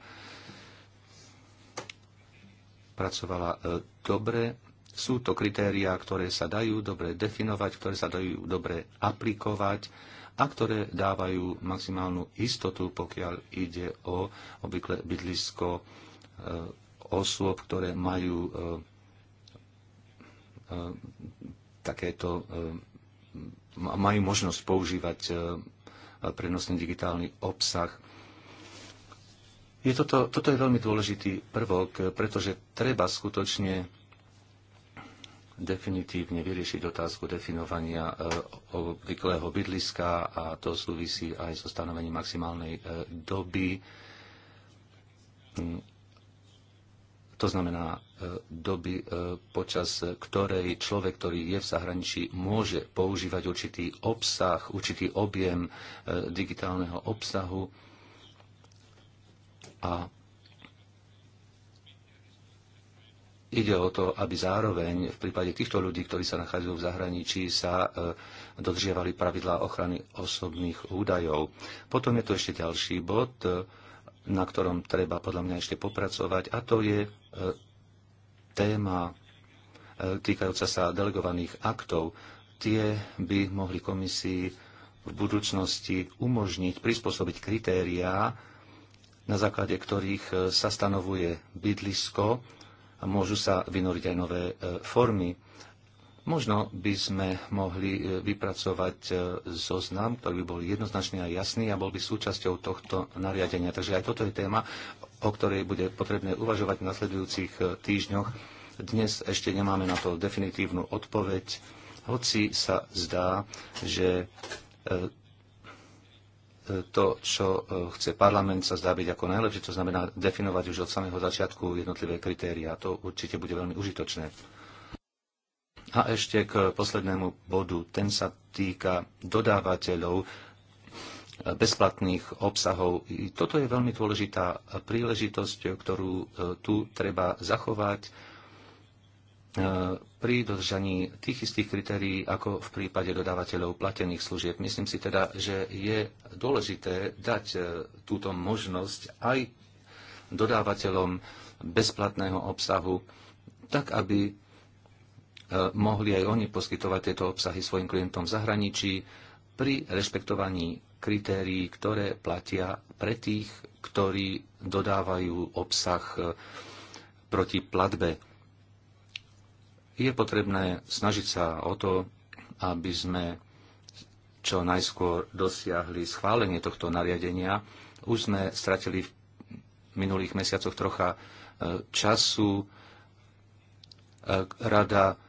C: pracovala eh, dobre. Sú to kritériá, ktoré sa dajú dobre definovať, ktoré sa dajú dobre aplikovať a ktoré dávajú maximálnu istotu, pokiaľ ide o obvykle bydlisko eh, osôb, ktoré majú takéto eh, majú možnosť používať eh, prenosný digitálny obsah. Je toto, toto je veľmi dôležitý prvok, eh, pretože treba skutočne definitívne vyriešiť otázku definovania obvyklého bydliska a to súvisí aj so stanovením maximálnej doby to znamená e, doby, e, počas ktorej človek, ktorý je v zahraničí, môže používať určitý obsah, určitý objem e, digitálneho obsahu a Ide o to, aby zároveň v prípade týchto ľudí, ktorí sa nachádzajú v zahraničí, sa dodržiavali pravidlá ochrany osobných údajov. Potom je tu ešte ďalší bod, na ktorom treba podľa mňa ešte popracovať, a to je e, téma e, týkajúca sa delegovaných aktov. Tie by mohli komisii v budúcnosti umožniť prispôsobiť kritériá, na základe ktorých e, sa stanovuje bydlisko a môžu sa vynoriť aj nové formy Možno by sme mohli e, vypracovať e, zoznam, ktorý by bol jednoznačný a jasný a bol by súčasťou tohto nariadenia. Takže aj toto je téma, o ktorej bude potrebné uvažovať v nasledujúcich e, týždňoch. Dnes ešte nemáme na to definitívnu odpoveď, hoci sa zdá, že to, čo chce parlament, sa zdá byť ako najlepšie, to znamená definovať už od samého začiatku jednotlivé kritéria. To určite bude veľmi užitočné. A ešte k poslednému bodu. Ten sa týka dodávateľov bezplatných obsahov. Toto je veľmi dôležitá príležitosť, ktorú e, tu treba zachovať e, pri dodržaní tých istých kritérií ako v prípade dodávateľov platených služieb. Myslím si teda, že je dôležité dať e, túto možnosť aj dodávateľom bezplatného obsahu, tak aby Eh, mohli aj oni poskytovať tieto obsahy svojim klientom v zahraničí pri rešpektovaní kritérií, ktoré platia pre tých, ktorí dodávajú obsah eh, proti platbe. Je potrebné snažiť sa o to, aby sme čo najskôr dosiahli schválenie tohto nariadenia. Už sme stratili v minulých mesiacoch trocha eh, času. Rada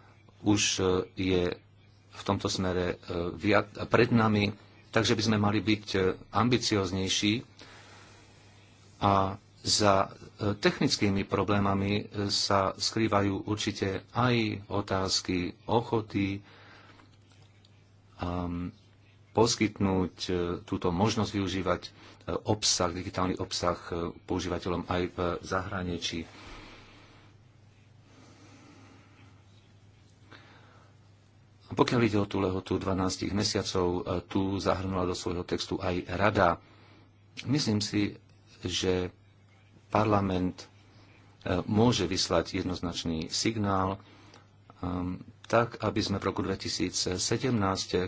C: už e, je v tomto smere e, viac, pred nami, takže by sme mali byť e, ambicioznejší a za technickými problémami sa skrývajú určite aj otázky ochoty ehm, poskytnúť túto možnosť využívať obsah, digitálny obsah používateľom aj v zahraničí. Pokiaľ ide o tú lehotu 12 mesiacov, e, tu zahrnula do svojho textu aj rada. Myslím si, že parlament e, môže vyslať jednoznačný signál, e, tak aby sme v roku 2017,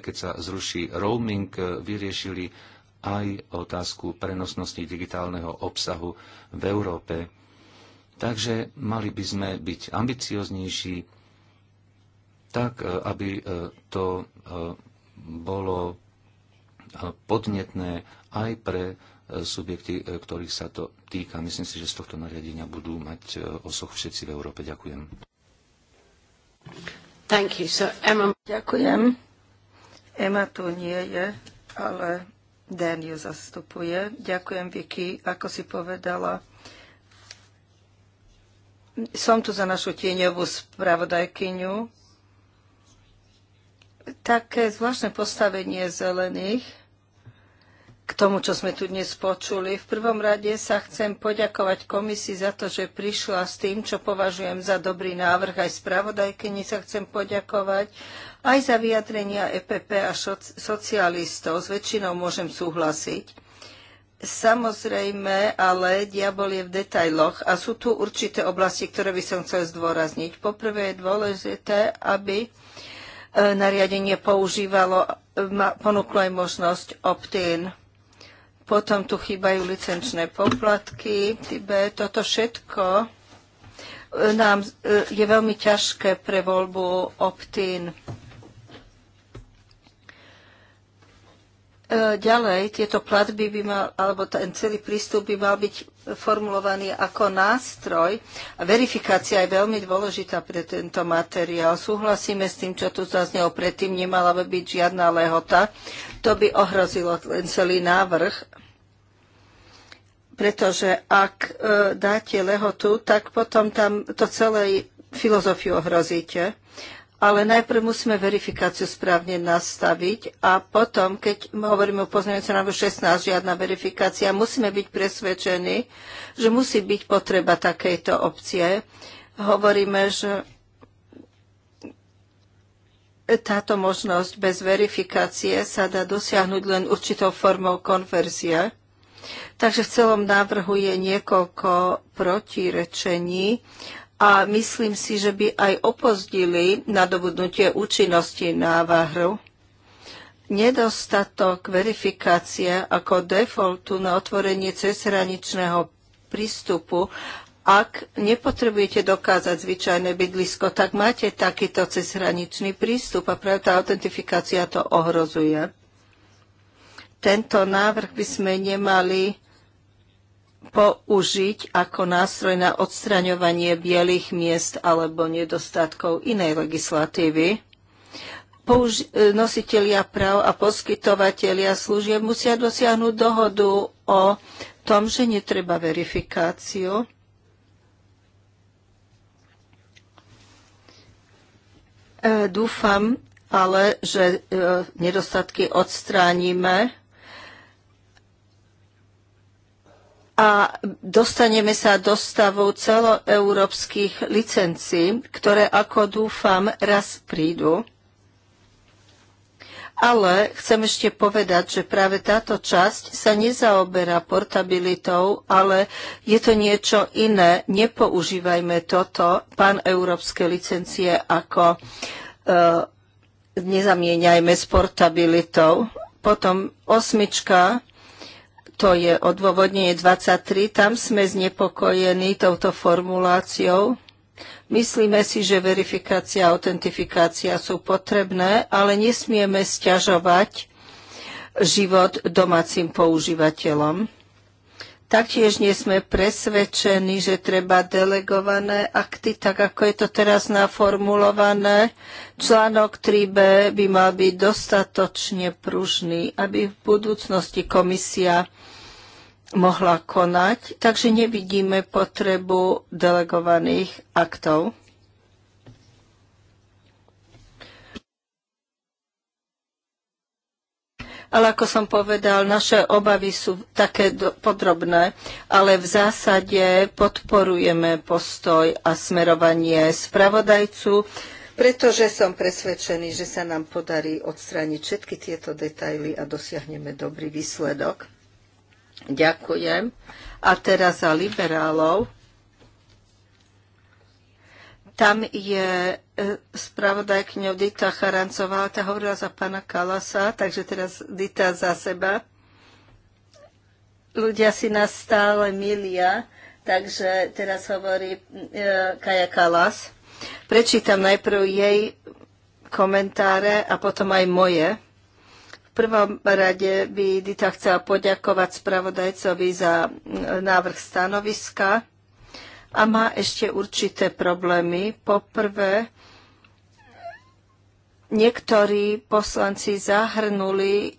C: keď sa zruší roaming, vyriešili aj otázku prenosnosti digitálneho obsahu v Európe. Takže mali by sme byť ambicioznejší, tak, e, aby e, to e, bolo podnetné aj pre subjekty, ktorých sa to týka. Myslím si, že z tohto nariadenia budú mať osoch všetci v Európe. Ďakujem.
D: Thank you. sir. Emma... Ďakujem. Ema tu nie je, ale Dan ju zastupuje. Ďakujem, Vicky. Ako si povedala, som tu za našu tieňovú spravodajkyňu také zvláštne postavenie zelených k tomu, čo sme tu dnes počuli. V prvom rade sa chcem poďakovať komisii za to, že prišla s tým, čo považujem za dobrý návrh. Aj spravodajkyni sa chcem poďakovať, aj za vyjadrenia EPP a socialistov. S väčšinou môžem súhlasiť. Samozrejme, ale diabol je v detailoch a sú tu určité oblasti, ktoré by som chcel zdôrazniť. Poprvé je dôležité, aby E, nariadenie používalo, e, ponúklo aj možnosť opt-in. Potom tu chýbajú licenčné poplatky. Tibe, toto všetko e, nám je veľmi ťažké pre voľbu opt-in. E, ďalej, tieto platby by mal, alebo ten celý prístup by mal byť formulovaný ako nástroj. A verifikácia je veľmi dôležitá pre tento materiál. Súhlasíme s tým, čo tu zaznelo predtým, nemala by byť žiadna lehota. To by ohrozilo len celý návrh. Pretože ak e, dáte lehotu, tak potom tam to celé filozofiu ohrozíte ale najprv musíme verifikáciu správne nastaviť a potom, keď hovoríme o pozmeňujúcom návrhu 16, žiadna verifikácia, musíme byť presvedčení, že musí byť potreba takejto opcie. Hovoríme, že táto možnosť bez verifikácie sa dá dosiahnuť len určitou formou konverzie. Takže v celom návrhu je niekoľko protirečení a myslím si, že by aj opozdili nadobudnutie účinnosti návrhu. Nedostatok verifikácie ako defaultu na otvorenie cezhraničného prístupu, ak nepotrebujete dokázať zvyčajné bydlisko, tak máte takýto cezhraničný prístup a práve tá autentifikácia to ohrozuje. Tento návrh by sme nemali použiť ako nástroj na odstraňovanie bielých miest alebo nedostatkov inej legislatívy. Použi- e, nositelia práv a poskytovatelia služieb musia dosiahnuť dohodu o tom, že netreba verifikáciu. E, dúfam ale, že e, nedostatky odstránime a dostaneme sa do stavu celoeurópskych licencií, ktoré, ako dúfam, raz prídu. Ale chcem ešte povedať, že práve táto časť sa nezaoberá portabilitou, ale je to niečo iné. Nepoužívajme toto, pán európske licencie, ako e, nezamieňajme s portabilitou. Potom osmička, to je odôvodnenie 23, tam sme znepokojení touto formuláciou. Myslíme si, že verifikácia a autentifikácia sú potrebné, ale nesmieme sťažovať život domácim používateľom. Taktiež nie sme presvedčení, že treba delegované akty, tak ako je to teraz naformulované. Článok 3b by mal byť dostatočne pružný, aby v budúcnosti komisia mohla konať, takže nevidíme potrebu delegovaných aktov. ale ako som povedal, naše obavy sú také podrobné, ale v zásade podporujeme postoj a smerovanie spravodajcu, pretože som presvedčený, že sa nám podarí odstrániť všetky tieto detaily a dosiahneme dobrý výsledok. Ďakujem. A teraz za liberálov tam je e, spravodajkňou Dita Charancová, tá hovorila za pána Kalasa, takže teraz Dita za seba. Ľudia si nás stále milia, takže teraz hovorí e, Kaja Kalas. Prečítam najprv jej komentáre a potom aj moje. V prvom rade by Dita chcela poďakovať spravodajcovi za e, návrh stanoviska a má ešte určité problémy. Poprvé, niektorí poslanci zahrnuli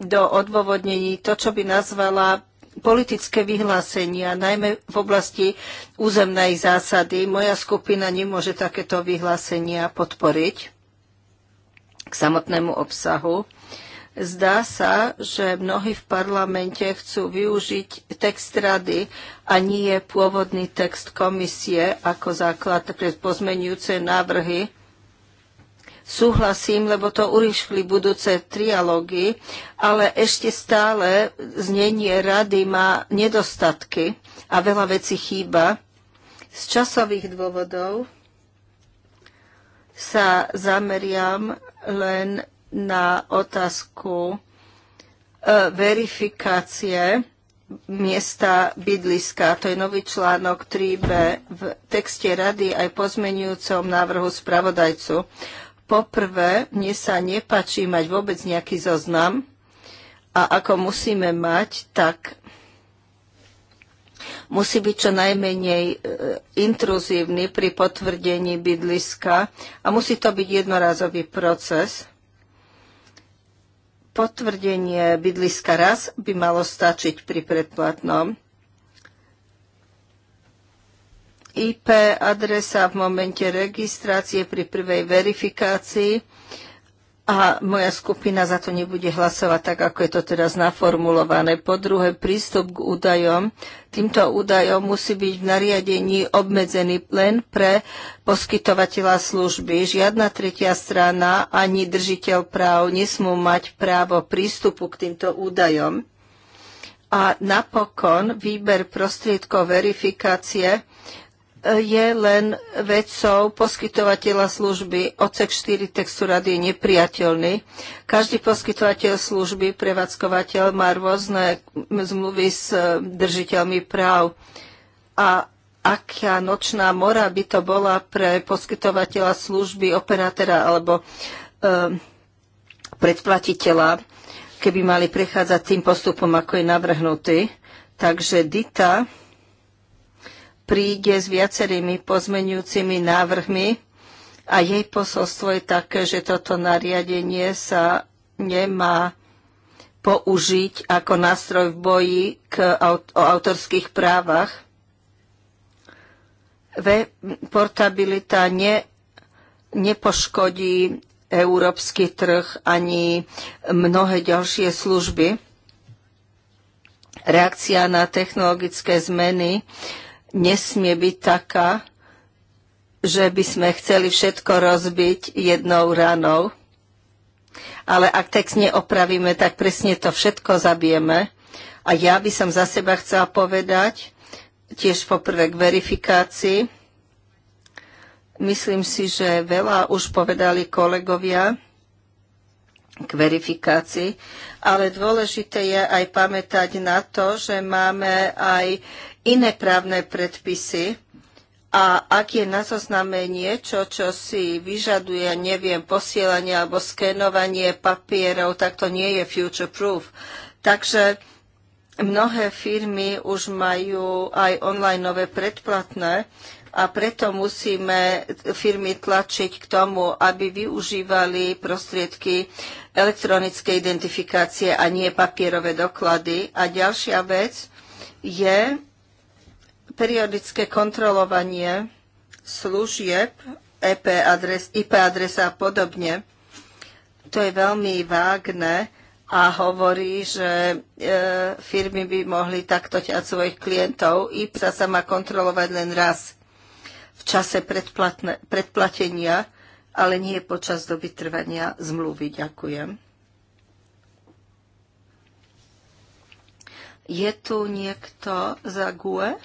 D: do odôvodnení to, čo by nazvala politické vyhlásenia, najmä v oblasti územnej zásady. Moja skupina nemôže takéto vyhlásenia podporiť k samotnému obsahu. Zdá sa, že mnohí v parlamente chcú využiť text rady a nie je pôvodný text komisie ako základ pre pozmenujúce návrhy. Súhlasím, lebo to urišli budúce trialógy, ale ešte stále znenie rady má nedostatky a veľa vecí chýba. Z časových dôvodov sa zameriam len na otázku e, verifikácie miesta bydliska. To je nový článok 3b v texte rady aj pozmenujúcom návrhu spravodajcu. Poprvé, mne sa nepačí mať vôbec nejaký zoznam a ako musíme mať, tak musí byť čo najmenej e, intruzívny pri potvrdení bydliska a musí to byť jednorazový proces potvrdenie bydliska raz by malo stačiť pri predplatnom. IP adresa v momente registrácie pri prvej verifikácii a moja skupina za to nebude hlasovať tak, ako je to teraz naformulované. Po druhé, prístup k údajom. Týmto údajom musí byť v nariadení obmedzený len pre poskytovateľa služby. Žiadna tretia strana ani držiteľ práv nesmú mať právo prístupu k týmto údajom. A napokon výber prostriedkov verifikácie je len vecou poskytovateľa služby. Ocek 4 textu rady je nepriateľný. Každý poskytovateľ služby, prevádzkovateľ má rôzne zmluvy s e, držiteľmi práv. A aká nočná mora by to bola pre poskytovateľa služby, operátora alebo e, predplatiteľa, keby mali prechádzať tým postupom, ako je navrhnutý. Takže DITA príde s viacerými pozmenujúcimi návrhmi a jej posolstvo je také, že toto nariadenie sa nemá použiť ako nástroj v boji k, o autorských právach. Portabilita ne, nepoškodí európsky trh ani mnohé ďalšie služby. Reakcia na technologické zmeny nesmie byť taká, že by sme chceli všetko rozbiť jednou ranou. Ale ak text neopravíme, tak presne to všetko zabijeme. A ja by som za seba chcela povedať, tiež poprvé k verifikácii. Myslím si, že veľa už povedali kolegovia k verifikácii, ale dôležité je aj pamätať na to, že máme aj iné právne predpisy a ak je na zozname niečo, čo si vyžaduje, neviem, posielanie alebo skenovanie papierov, tak to nie je future proof. Takže mnohé firmy už majú aj online nové predplatné, a preto musíme firmy tlačiť k tomu, aby využívali prostriedky elektronické identifikácie a nie papierové doklady. A ďalšia vec je periodické kontrolovanie služieb, EP adres, IP adresa a podobne. To je veľmi vágne a hovorí, že e, firmy by mohli takto ťať svojich klientov. IP sa má kontrolovať len raz v čase predplatne, predplatenia ale nie počas doby trvania zmluvy. Ďakujem. Je tu niekto za GUE?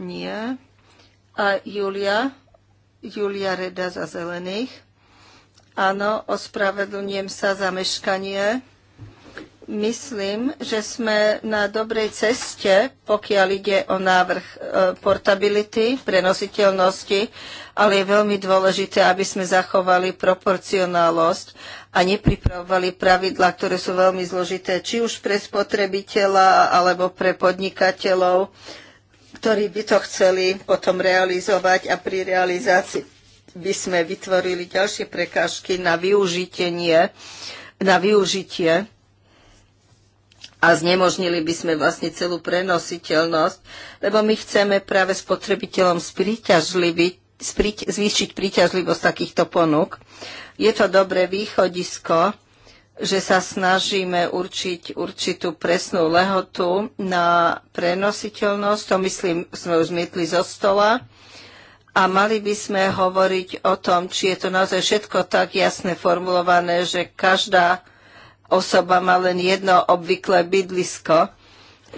D: Nie. A Julia? Julia Reda za zelených. Áno, ospravedlňujem sa za meškanie myslím, že sme na dobrej ceste, pokiaľ ide o návrh e, portability, prenositeľnosti ale je veľmi dôležité, aby sme zachovali proporcionálnosť a nepripravovali pravidlá, ktoré sú veľmi zložité, či už pre spotrebiteľa alebo pre podnikateľov, ktorí by to chceli potom realizovať a pri realizácii by sme vytvorili ďalšie prekážky na využitie, na využitie a znemožnili by sme vlastne celú prenositeľnosť, lebo my chceme práve spotrebiteľom spríťažliviť zvýšiť príťažlivosť takýchto ponúk. Je to dobré východisko, že sa snažíme určiť určitú presnú lehotu na prenositeľnosť, to myslím, sme už zmietli zo stola, a mali by sme hovoriť o tom, či je to naozaj všetko tak jasne formulované, že každá osoba má len jedno obvyklé bydlisko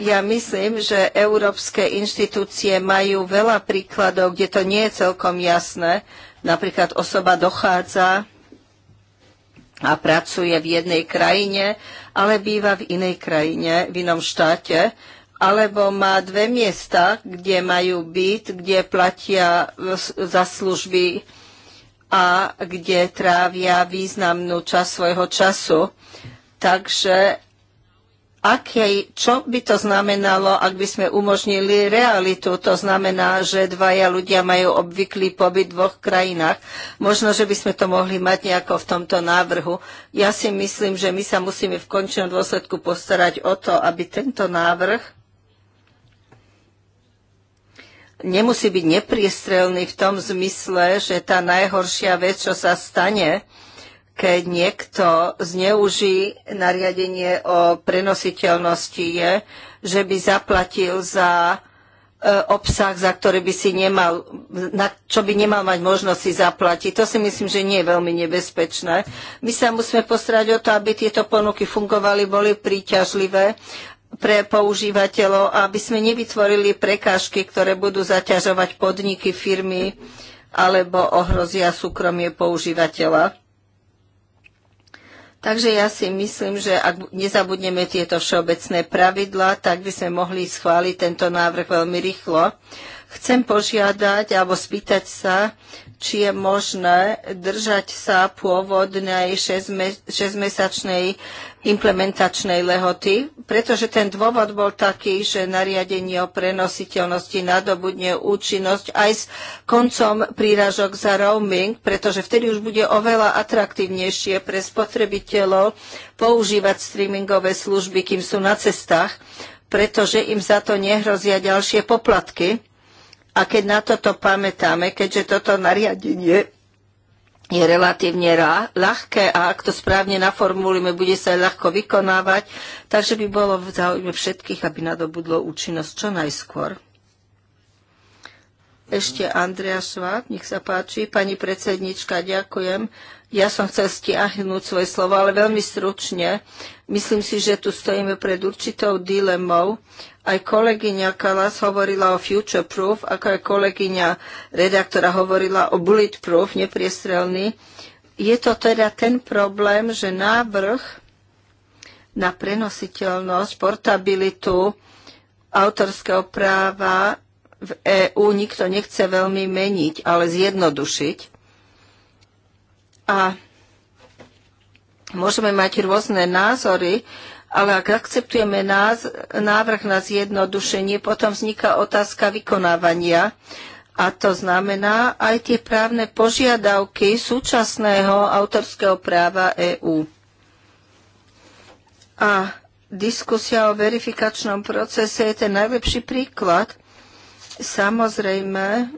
D: ja myslím, že európske inštitúcie majú veľa príkladov, kde to nie je celkom jasné. Napríklad osoba dochádza a pracuje v jednej krajine, ale býva v inej krajine, v inom štáte, alebo má dve miesta, kde majú byt, kde platia za služby a kde trávia významnú časť svojho času. Takže aké, čo by to znamenalo, ak by sme umožnili realitu. To znamená, že dvaja ľudia majú obvyklý pobyt v dvoch krajinách. Možno, že by sme to mohli mať nejako v tomto návrhu. Ja si myslím, že my sa musíme v končnom dôsledku postarať o to, aby tento návrh nemusí byť nepriestrelný v tom zmysle, že tá najhoršia vec, čo sa stane, keď niekto zneuží nariadenie o prenositeľnosti, je, že by zaplatil za e, obsah, za ktorý by si nemal, na čo by nemal mať možnosť si zaplatiť. To si myslím, že nie je veľmi nebezpečné. My sa musíme postarať o to, aby tieto ponuky fungovali, boli príťažlivé pre používateľov, aby sme nevytvorili prekážky, ktoré budú zaťažovať podniky, firmy alebo ohrozia súkromie používateľa. Takže ja si myslím, že ak nezabudneme tieto všeobecné pravidlá, tak by sme mohli schváliť tento návrh veľmi rýchlo. Chcem požiadať alebo spýtať sa, či je možné držať sa pôvodnej 6-mesačnej implementačnej lehoty, pretože ten dôvod bol taký, že nariadenie o prenositeľnosti nadobudne účinnosť aj s koncom príražok za roaming, pretože vtedy už bude oveľa atraktívnejšie pre spotrebiteľov používať streamingové služby, kým sú na cestách, pretože im za to nehrozia ďalšie poplatky. A keď na toto pamätáme, keďže toto nariadenie je relatívne ľahké a ak to správne naformulujeme, bude sa aj ľahko vykonávať, takže by bolo v záujme všetkých, aby nadobudlo účinnosť čo najskôr. Ešte Andrea Švát, nech sa páči. Pani predsednička, ďakujem. Ja som chcel stiahnuť svoje slovo, ale veľmi stručne. Myslím si, že tu stojíme pred určitou dilemou. Aj kolegyňa Kalas hovorila o future proof, ako aj kolegyňa redaktora hovorila o bulletproof, nepriestrelný. Je to teda ten problém, že návrh na prenositeľnosť, portabilitu autorského práva v EÚ nikto nechce veľmi meniť, ale zjednodušiť. A môžeme mať rôzne názory, ale ak akceptujeme návrh na zjednodušenie, potom vzniká otázka vykonávania. A to znamená aj tie právne požiadavky súčasného autorského práva EÚ. A diskusia o verifikačnom procese je ten najlepší príklad, Samozrejme,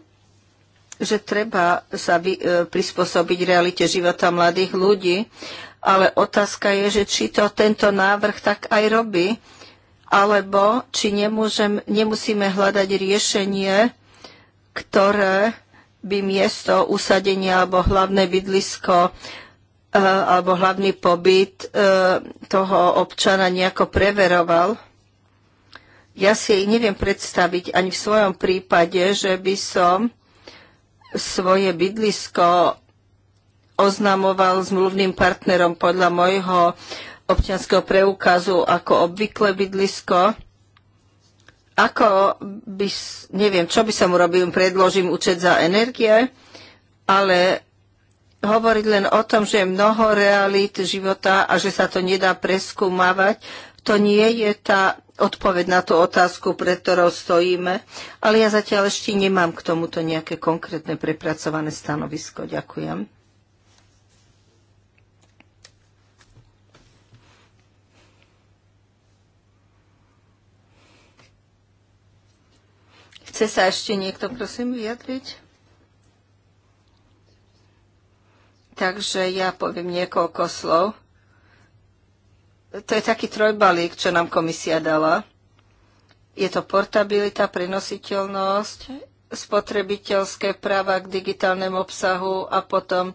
D: že treba sa vy, e, prispôsobiť realite života mladých ľudí, ale otázka je, že či to tento návrh tak aj robí, alebo či nemôžem, nemusíme hľadať riešenie, ktoré by miesto usadenia alebo hlavné bydlisko e, alebo hlavný pobyt e, toho občana nejako preveroval. Ja si neviem predstaviť ani v svojom prípade, že by som svoje bydlisko oznamoval zmluvným partnerom podľa môjho občianského preukazu ako obvykle bydlisko. Ako by, neviem, čo by som urobil, predložím účet za energie, ale hovoriť len o tom, že je mnoho realít života a že sa to nedá preskúmavať, to nie je tá odpoveď na tú otázku, pred ktorou stojíme, ale ja zatiaľ ešte nemám k tomuto nejaké konkrétne prepracované stanovisko. Ďakujem. Chce sa ešte niekto, prosím, vyjadriť? Takže ja poviem niekoľko slov. To je taký trojbalík, čo nám komisia dala. Je to portabilita, prenositeľnosť, spotrebiteľské práva k digitálnemu obsahu a potom e,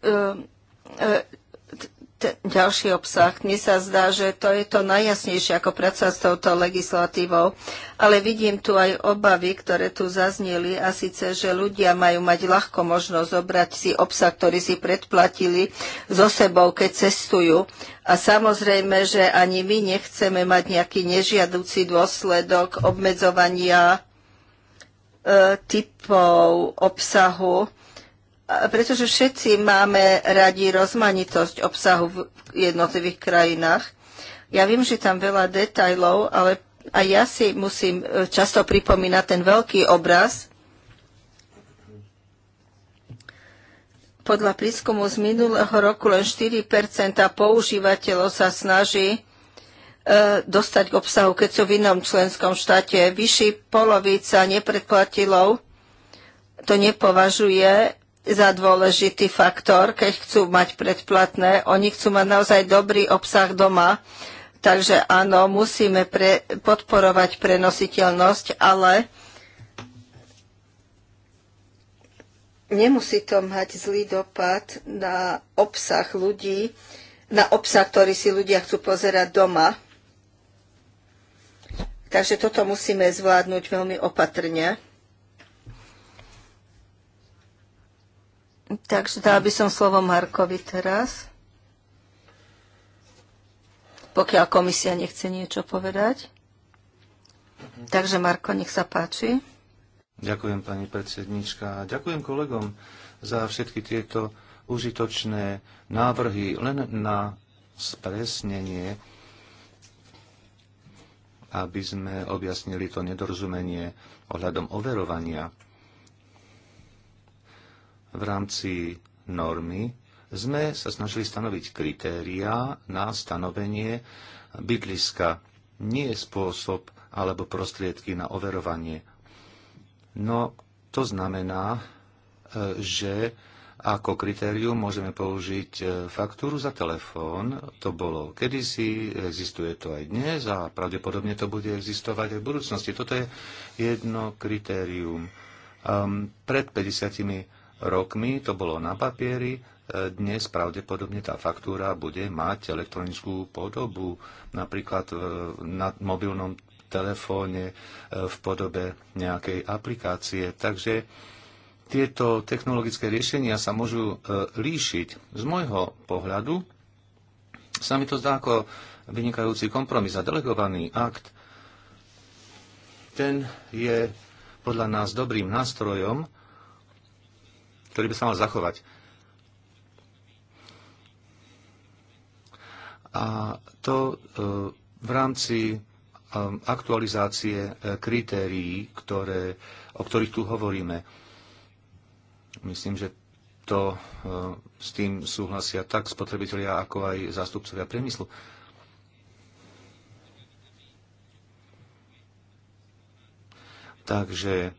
D: e, ďalší obsah. Mne sa zdá, že to je to najjasnejšie, ako pracovať s touto legislatívou. Ale vidím tu aj obavy, ktoré tu zazneli, a síce, že ľudia majú mať ľahko možnosť zobrať si obsah, ktorý si predplatili so sebou, keď cestujú. A samozrejme, že ani my nechceme mať nejaký nežiadúci dôsledok obmedzovania e, typov obsahu, pretože všetci máme radi rozmanitosť obsahu v jednotlivých krajinách. Ja viem, že tam veľa detajlov, ale aj ja si musím e, často pripomínať ten veľký obraz. Podľa prískumu z minulého roku len 4 používateľov sa snaží e, dostať k obsahu, keď sú v inom členskom štáte. Vyšší polovica nepredplatilov to nepovažuje za dôležitý faktor, keď chcú mať predplatné. Oni chcú mať naozaj dobrý obsah doma. Takže áno, musíme pre, podporovať prenositeľnosť, ale nemusí to mať zlý dopad na obsah ľudí, na obsah, ktorý si ľudia chcú pozerať doma. Takže toto musíme zvládnuť veľmi opatrne. Takže dala by som slovo Markovi teraz. Pokiaľ komisia nechce niečo povedať. Takže Marko, nech sa páči.
C: Ďakujem, pani predsednička. Ďakujem kolegom za všetky tieto užitočné návrhy. Len na spresnenie, aby sme objasnili to nedorozumenie ohľadom overovania v rámci normy sme sa snažili stanoviť kritériá na stanovenie bydliska, nie spôsob alebo prostriedky na overovanie. No to znamená, e, že ako kritérium môžeme použiť e, faktúru za telefón. To bolo kedysi, existuje to aj dnes a pravdepodobne to bude existovať aj v budúcnosti. Toto je jedno kritérium. Um, pred 50 rokmi to bolo na papieri, e, dnes pravdepodobne tá faktúra bude mať elektronickú podobu, napríklad e, na mobilnom telefóne e, v podobe nejakej aplikácie. Takže tieto technologické riešenia sa môžu líšiť. Z môjho pohľadu sa mi to zdá ako vynikajúci kompromis a delegovaný akt. Ten je podľa nás dobrým nástrojom, ktorý by sa mal zachovať. A to e, v rámci e, aktualizácie e, kritérií, ktoré, o ktorých tu hovoríme. Myslím, že to s tým súhlasia tak spotrebitelia, ako aj zástupcovia priemyslu. Takže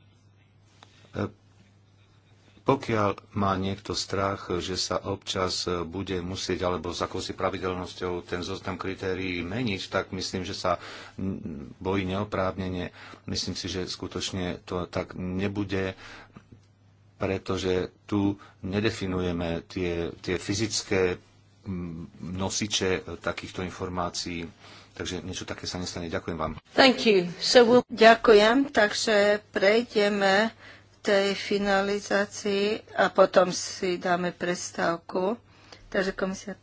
C: pokiaľ má niekto strach, že sa občas bude musieť alebo s akousi pravidelnosťou ten zoznam kritérií meniť, tak myslím, že sa bojí neoprávnenie. Myslím si, že skutočne to tak nebude, pretože tu nedefinujeme tie, tie fyzické mm, nosiče takýchto informácií. Takže niečo také sa nestane. Ďakujem vám. Thank you.
D: So we'll... Ďakujem. Takže prejdeme tej finalizácii a potom si dáme prestávku. Takže komisia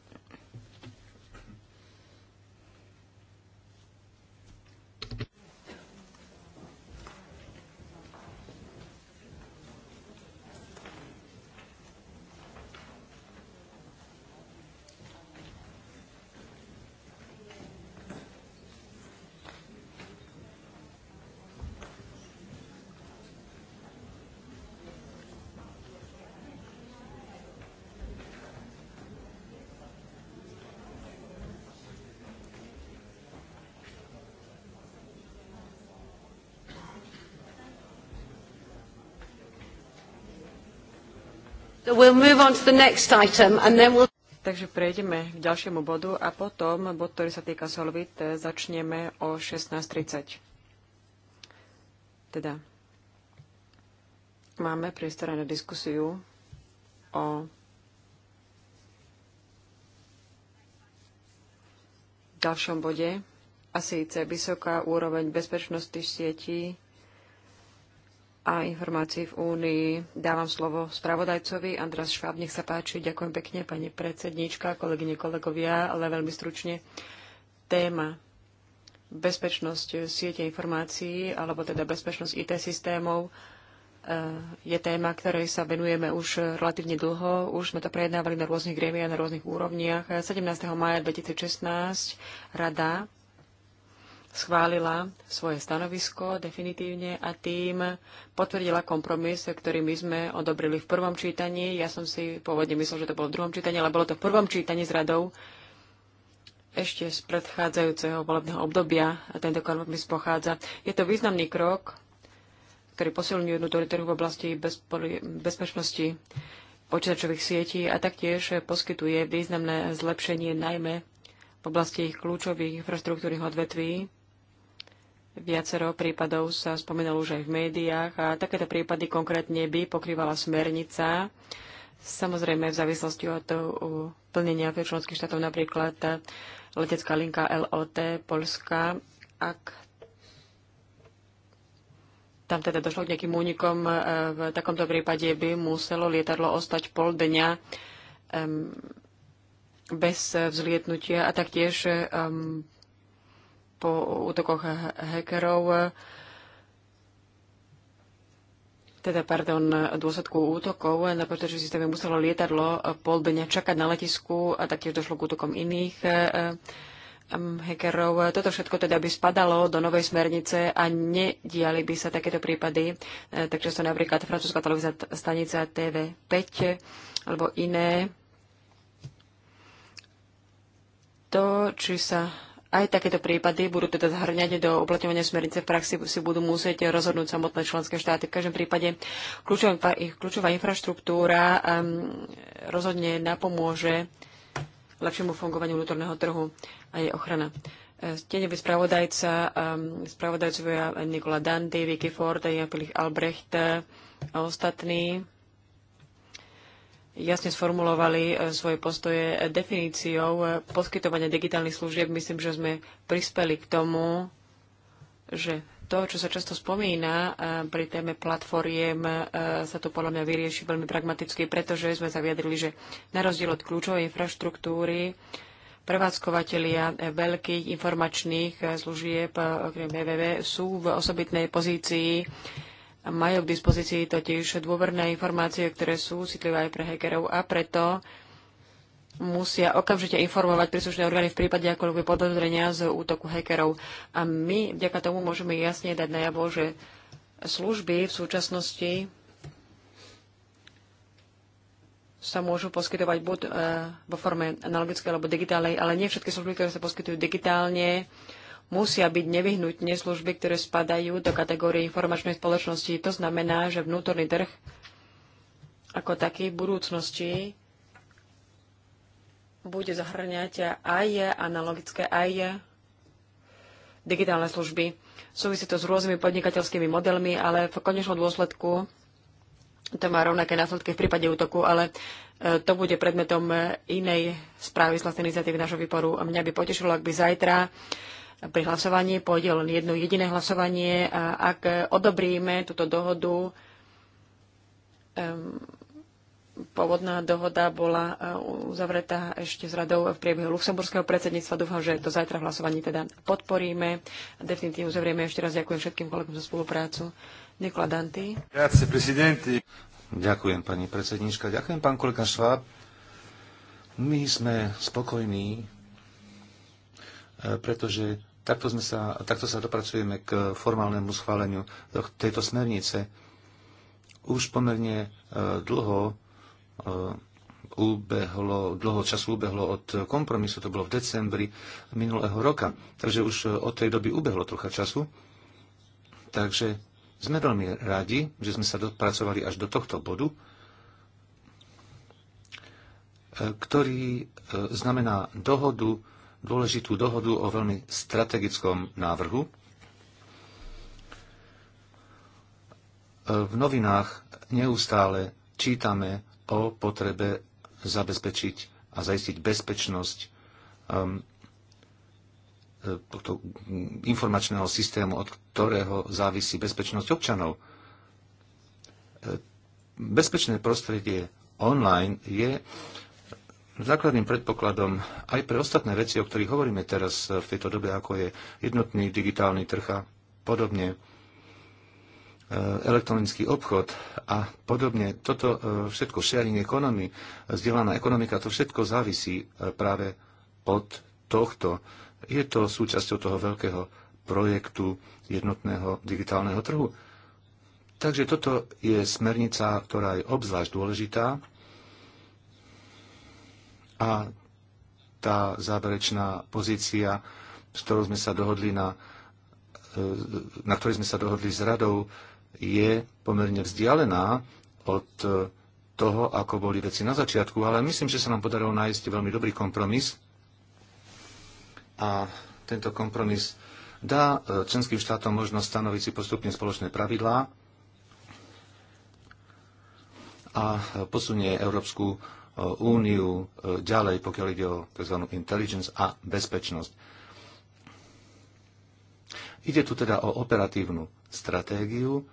A: Takže prejdeme k ďalšiemu bodu a potom bod, ktorý sa týka Solvit, e, začneme o 16.30. Teda máme priestor na diskusiu o ďalšom bode a síce vysoká úroveň bezpečnosti sietí a informácií v Únii. Dávam slovo spravodajcovi. Andras Šváb, nech sa páči. Ďakujem pekne, pani predsedníčka, kolegyne, kolegovia, ale veľmi stručne. Téma bezpečnosť siete informácií, alebo teda bezpečnosť IT systémov e, je téma, ktorej sa venujeme už relatívne dlho. Už sme to prejednávali na rôznych grémiach na rôznych úrovniach. 17. maja 2016 Rada schválila svoje stanovisko definitívne a tým potvrdila kompromis, ktorý my sme odobrili v prvom čítaní. Ja som si pôvodne myslel, že to bolo v druhom čítaní, ale bolo to v prvom čítaní s radou ešte z predchádzajúceho volebného obdobia a tento kompromis pochádza. Je to významný krok, ktorý posilňuje vnútorný trh v oblasti bezpečnosti počítačových sietí a taktiež poskytuje významné zlepšenie najmä v oblasti ich kľúčových infraštruktúrnych odvetví, Viacero prípadov sa spomenulo už aj v médiách a takéto prípady konkrétne by pokrývala smernica. Samozrejme v závislosti od toho plnenia členských štátov napríklad letecká linka LOT Polska, ak tam teda došlo k nejakým únikom, e, v takomto prípade by muselo lietadlo ostať pol dňa bez vzlietnutia a taktiež po útokoch hackerov, teda, pardon, dôsledku útokov na počítačové systémy muselo lietadlo pol dňa čakať na letisku a taktiež došlo k útokom iných hackerov. Toto všetko teda by spadalo do novej smernice a nediali by sa takéto prípady. E, takže to napríklad francúzska televízia stanica TV5 alebo iné. To, či sa aj takéto prípady budú teda zhrňať do uplatňovania smernice v praxi, si budú musieť rozhodnúť samotné členské štáty. V každom prípade kľúčová, kľúčová infraštruktúra ehm, rozhodne napomôže lepšiemu fungovaniu vnútorného trhu a jej ochrana. E, Tenevý spravodajca, ehm, spravodajcovia Nikola Dandy, Vicky Ford, Jan Albrecht a ostatní jasne sformulovali e, svoje postoje e, definíciou e, poskytovania digitálnych služieb. Myslím, že sme prispeli k tomu, že to, čo sa často spomína pri téme platformiem, sa to podľa mňa vyrieši veľmi pragmaticky, pretože sme sa vyjadrili, že na rozdiel od kľúčovej infraštruktúry, prevádzkovateľia veľkých informačných služieb, okrem www, sú v osobitnej pozícii majú k dispozícii totiž dôverné informácie, ktoré sú citlivé aj pre hackerov a preto musia okamžite informovať príslušné orgány v prípade akoľvek podozrenia z útoku hackerov. A my vďaka tomu môžeme jasne dať najavo, že služby v súčasnosti sa môžu poskytovať buď eh, vo forme analogickej alebo digitálnej, ale nie všetky služby, ktoré sa poskytujú digitálne, musia byť nevyhnutne služby, ktoré spadajú do kategórie informačnej spoločnosti. To znamená, že vnútorný trh ako taký v budúcnosti bude zahrňať aj analogické, aj digitálne služby. Súvisí to s rôznymi podnikateľskými modelmi, ale v konečnom dôsledku to má rovnaké následky v prípade útoku, ale e, to bude predmetom e, inej správy z vlastnej iniciatívy našho výboru. Mňa by potešilo, ak by zajtra pri hlasovaní pôjde len jedno jediné hlasovanie a ak odobríme túto dohodu, pôvodná dohoda bola e, uzavretá ešte s radou v priebehu luxemburského predsedníctva. Dúfam, že to zajtra v hlasovaní teda podporíme. A definitívne uzavrieme. Ešte raz ďakujem všetkým kolegom za spoluprácu. Nikola Danty.
C: Ďakujem, pani predsedníčka. Ďakujem, pán kolega Šváb. My sme spokojní E, pretože takto, sme sa, takto sa dopracujeme k formálnemu schváleniu tejto smernice. Už pomerne e, dlho e, ubehlo, dlho času ubehlo od kompromisu, to bolo v decembri minulého roka, takže už od tej doby ubehlo trocha času. Takže sme veľmi radi, že sme sa dopracovali až do tohto bodu, ktorý znamená dohodu dôležitú dohodu o veľmi strategickom návrhu. E, v novinách neustále čítame o potrebe zabezpečiť a zaistiť bezpečnosť um, e, informačného systému, od ktorého závisí bezpečnosť občanov. E, bezpečné prostredie online je základným predpokladom aj pre ostatné veci, o ktorých hovoríme teraz eh, v tejto dobe, ako je jednotný digitálny trh a podobne, eh, elektronický obchod a podobne. Toto eh, všetko, sharing economy, vzdelaná ekonomika, to všetko závisí práve od tohto. Je to súčasťou toho veľkého projektu jednotného digitálneho trhu. Takže toto je smernica, ktorá je obzvlášť dôležitá a tá záverečná pozícia, s ktorou sme sa dohodli na, e, na ktorej sme sa dohodli s radou, je pomerne vzdialená od toho, ako boli veci na začiatku, ale myslím, že sa nám podarilo nájsť veľmi dobrý kompromis. A tento kompromis dá e, členským štátom možnosť stanoviť si postupne spoločné pravidlá a posunie Európsku úniu e, ďalej, pokiaľ ide o tzv. intelligence a bezpečnosť. Ide tu teda o operatívnu stratégiu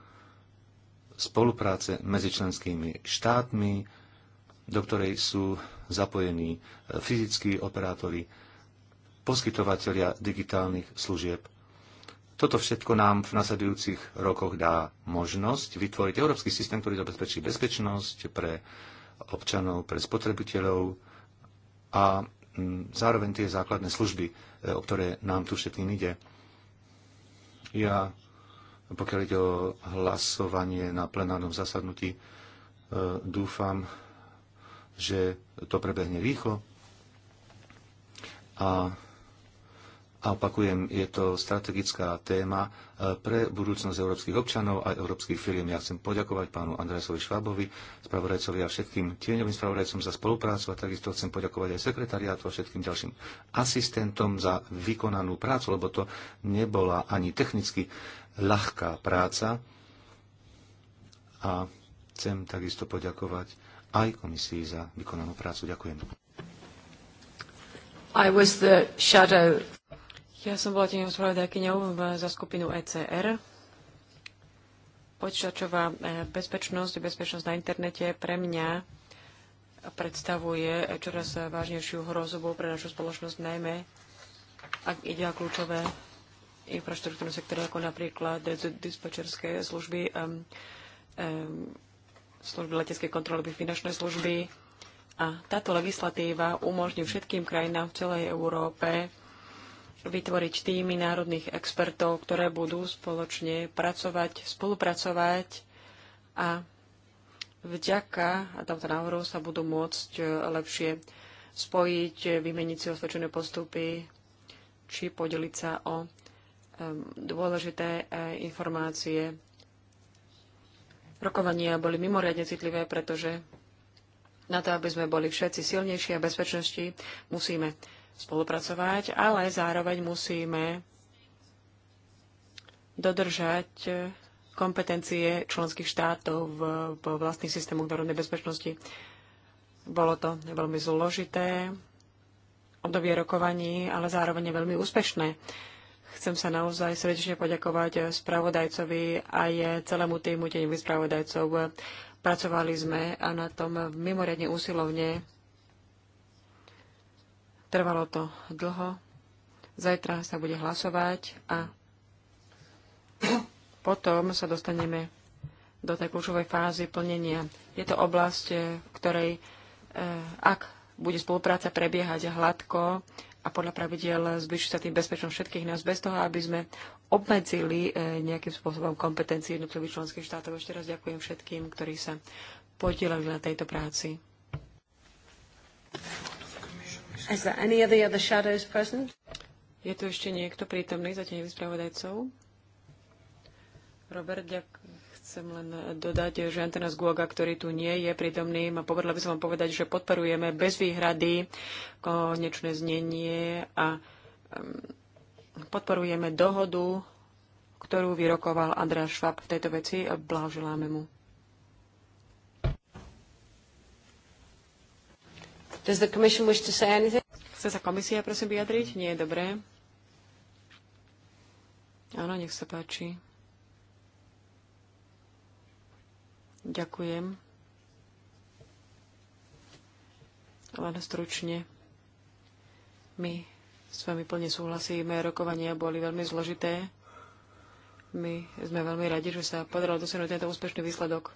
C: spolupráce medzi členskými štátmi, do ktorej sú zapojení e, fyzickí operátori, poskytovateľia digitálnych služieb. Toto všetko nám v nasledujúcich rokoch dá možnosť vytvoriť európsky systém, ktorý zabezpečí bezpečnosť pre občanov, pre spotrebiteľov a mm, zároveň tie základné služby, e, o ktoré nám tu všetkým ide. Ja, pokiaľ ide o hlasovanie na plenárnom zasadnutí, e, dúfam, že to prebehne rýchlo a a opakujem, je to strategická téma e, pre budúcnosť európskych občanov a európskych firiem. Ja chcem poďakovať pánu Andresovi Švábovi, spravodajcovi a všetkým tieňovým spravodajcom za spoluprácu a takisto chcem poďakovať aj sekretariátu a všetkým ďalším asistentom za vykonanú prácu, lebo to nebola ani technicky ľahká práca. A chcem takisto poďakovať aj komisii za vykonanú prácu. Ďakujem.
B: I was the shadow
A: ja som bola tým spravodajkyňou za skupinu ECR. Počítačová e, bezpečnosť, bezpečnosť na internete pre mňa predstavuje e, čoraz e, vážnejšiu hrozbu pre našu spoločnosť, najmä ak ide o kľúčové infraštruktúrne sektory, ako napríklad dispečerské služby, um, um, služby leteckej kontroly, finančné služby. A táto legislatíva umožní všetkým krajinám v celej Európe vytvoriť týmy národných expertov, ktoré budú spoločne pracovať, spolupracovať a vďaka tomto návrhu sa budú môcť e, lepšie spojiť, e, vymeniť si osvedčené postupy či podeliť sa o e, dôležité informácie. Rokovania boli mimoriadne citlivé, pretože na to, aby sme boli všetci silnejší a bezpečnosti, musíme spolupracovať, ale zároveň musíme dodržať kompetencie členských štátov v, v vlastných systémoch národnej bezpečnosti. Bolo to veľmi zložité obdobie rokovaní, ale zároveň veľmi úspešné. Chcem sa naozaj srdečne poďakovať spravodajcovi a aj celému týmu tieňových spravodajcov. Pracovali sme a na tom mimoriadne úsilovne Trvalo to dlho. Zajtra sa bude hlasovať a potom sa dostaneme do tej kľúčovej fázy plnenia. Je to oblasť, eh, v ktorej, eh, ak bude spolupráca prebiehať hladko a podľa pravidel zvyšuje sa tým bezpečnosť všetkých nás bez toho, aby sme obmedzili eh, nejakým spôsobom kompetencie jednotlivých členských štátov. Ešte raz ďakujem všetkým, ktorí sa podielali na tejto práci. Is there any of the other shadows present? Je tu ešte niekto prítomný za tých spravodajcov? Robert, ďak, chcem len dodať, že Antanas Guoga, ktorý tu nie je prítomný, a povedla by som vám povedať, že podporujeme bez výhrady konečné znenie a podporujeme dohodu, ktorú vyrokoval Andrá Švab v tejto veci a blahoželáme mu. Does the commission wish to say anything? Chce sa komisia prosím vyjadriť? Nie, je dobré. Áno, nech sa páči. Ďakujem. Len stručne. My s vami plne súhlasíme. Rokovania boli veľmi zložité. My sme veľmi radi, že sa podarilo dosiahnuť tento úspešný výsledok.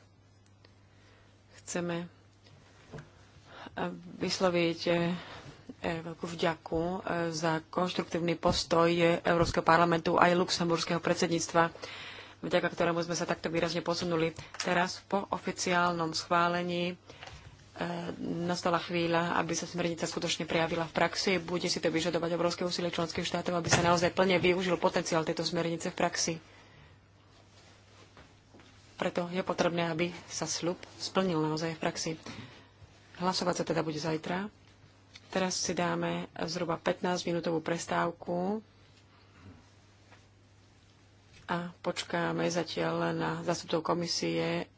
A: Chceme vysloviť e, e, veľkú vďaku e, za konštruktívny postoj Európskeho parlamentu aj luxemburského predsedníctva, vďaka ktorému sme sa takto výrazne posunuli. Teraz po oficiálnom schválení nastala chvíľa, aby sa smernica skutočne prejavila v praxi. Bude si to vyžadovať obrovské úsilie členských štátov, aby sa naozaj plne využil potenciál tejto smernice v praxi. Preto je potrebné, aby sa slub splnil naozaj v praxi. Hlasovať sa teda bude zajtra. Teraz si dáme zhruba 15-minútovú prestávku a počkáme zatiaľ na zastupov komisie.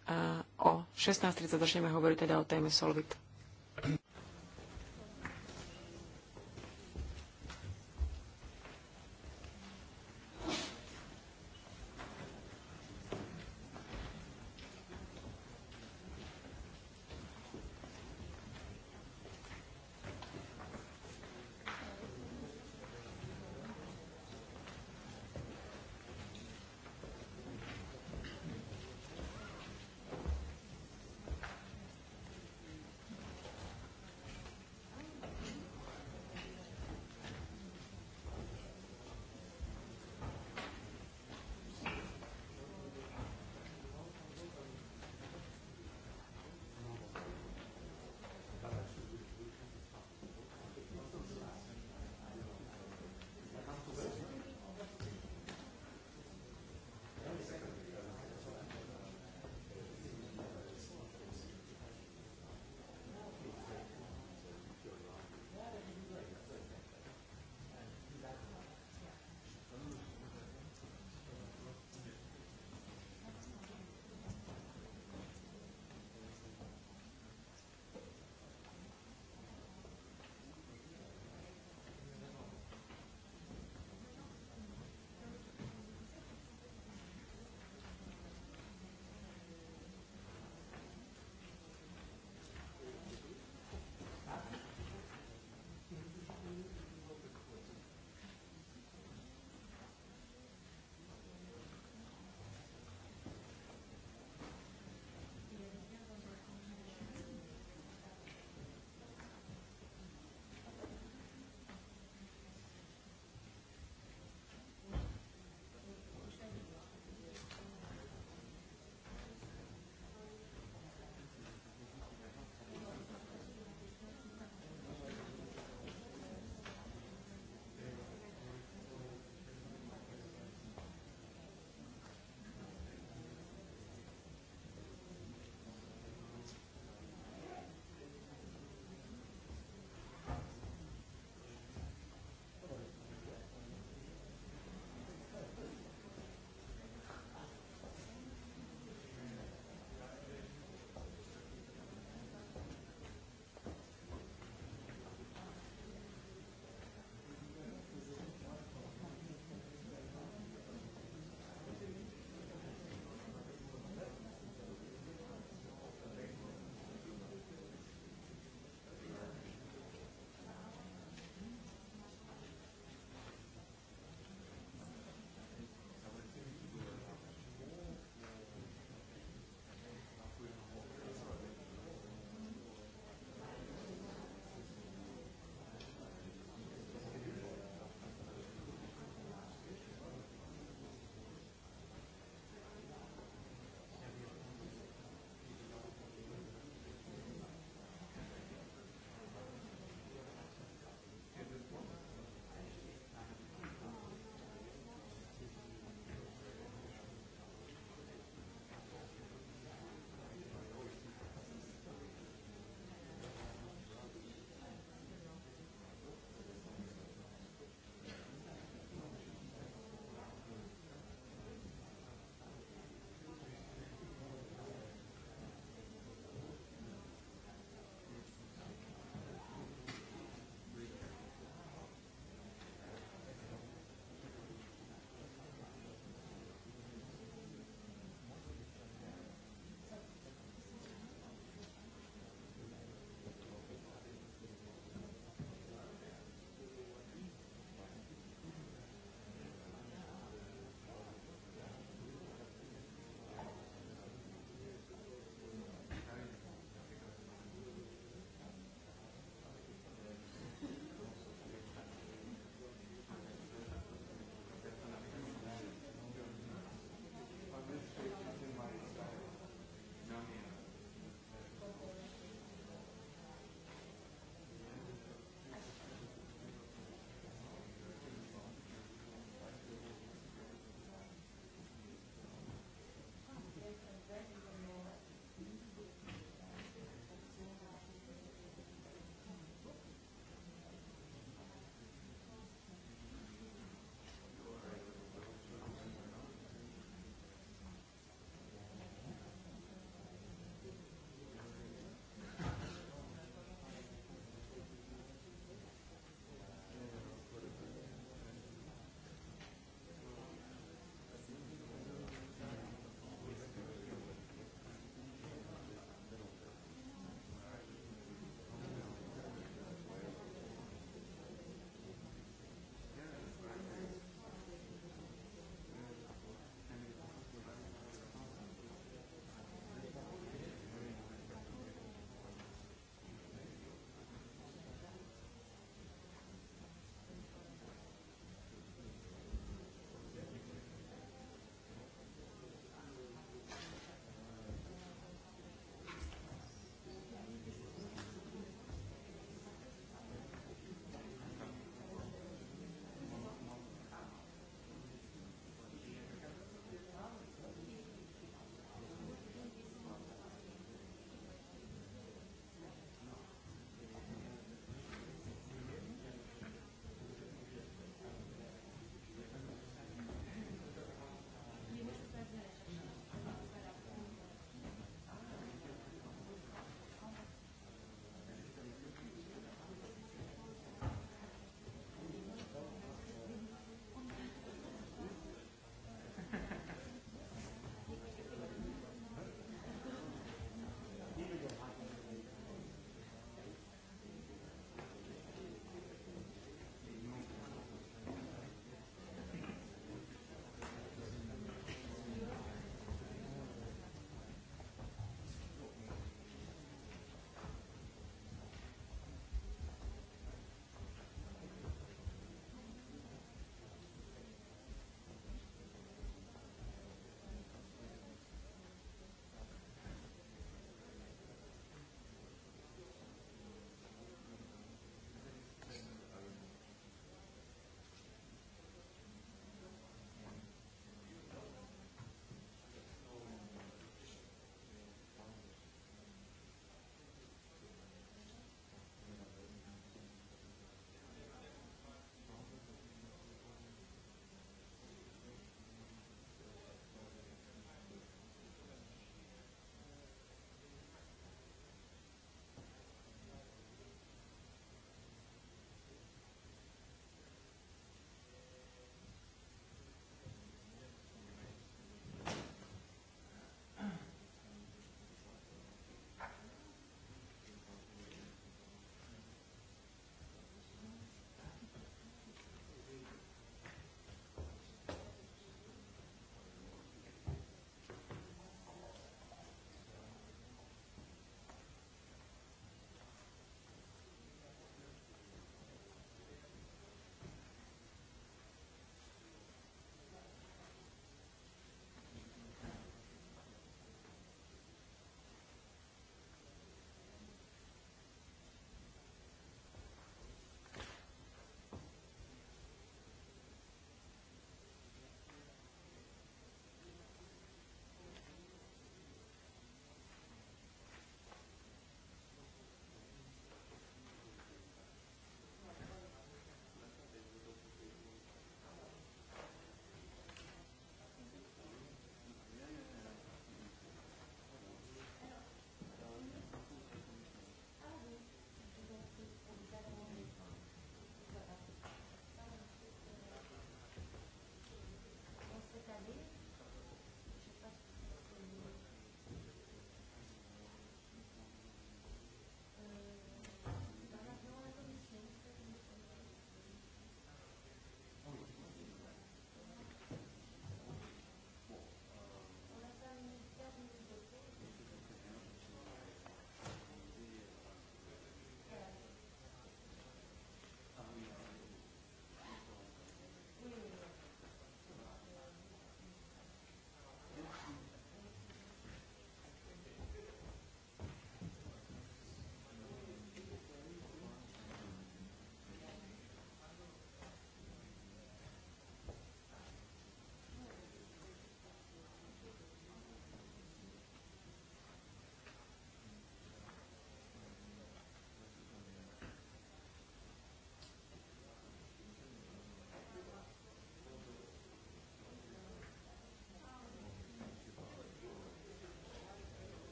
A: O 16.30 začneme hovoriť teda o téme Solvit.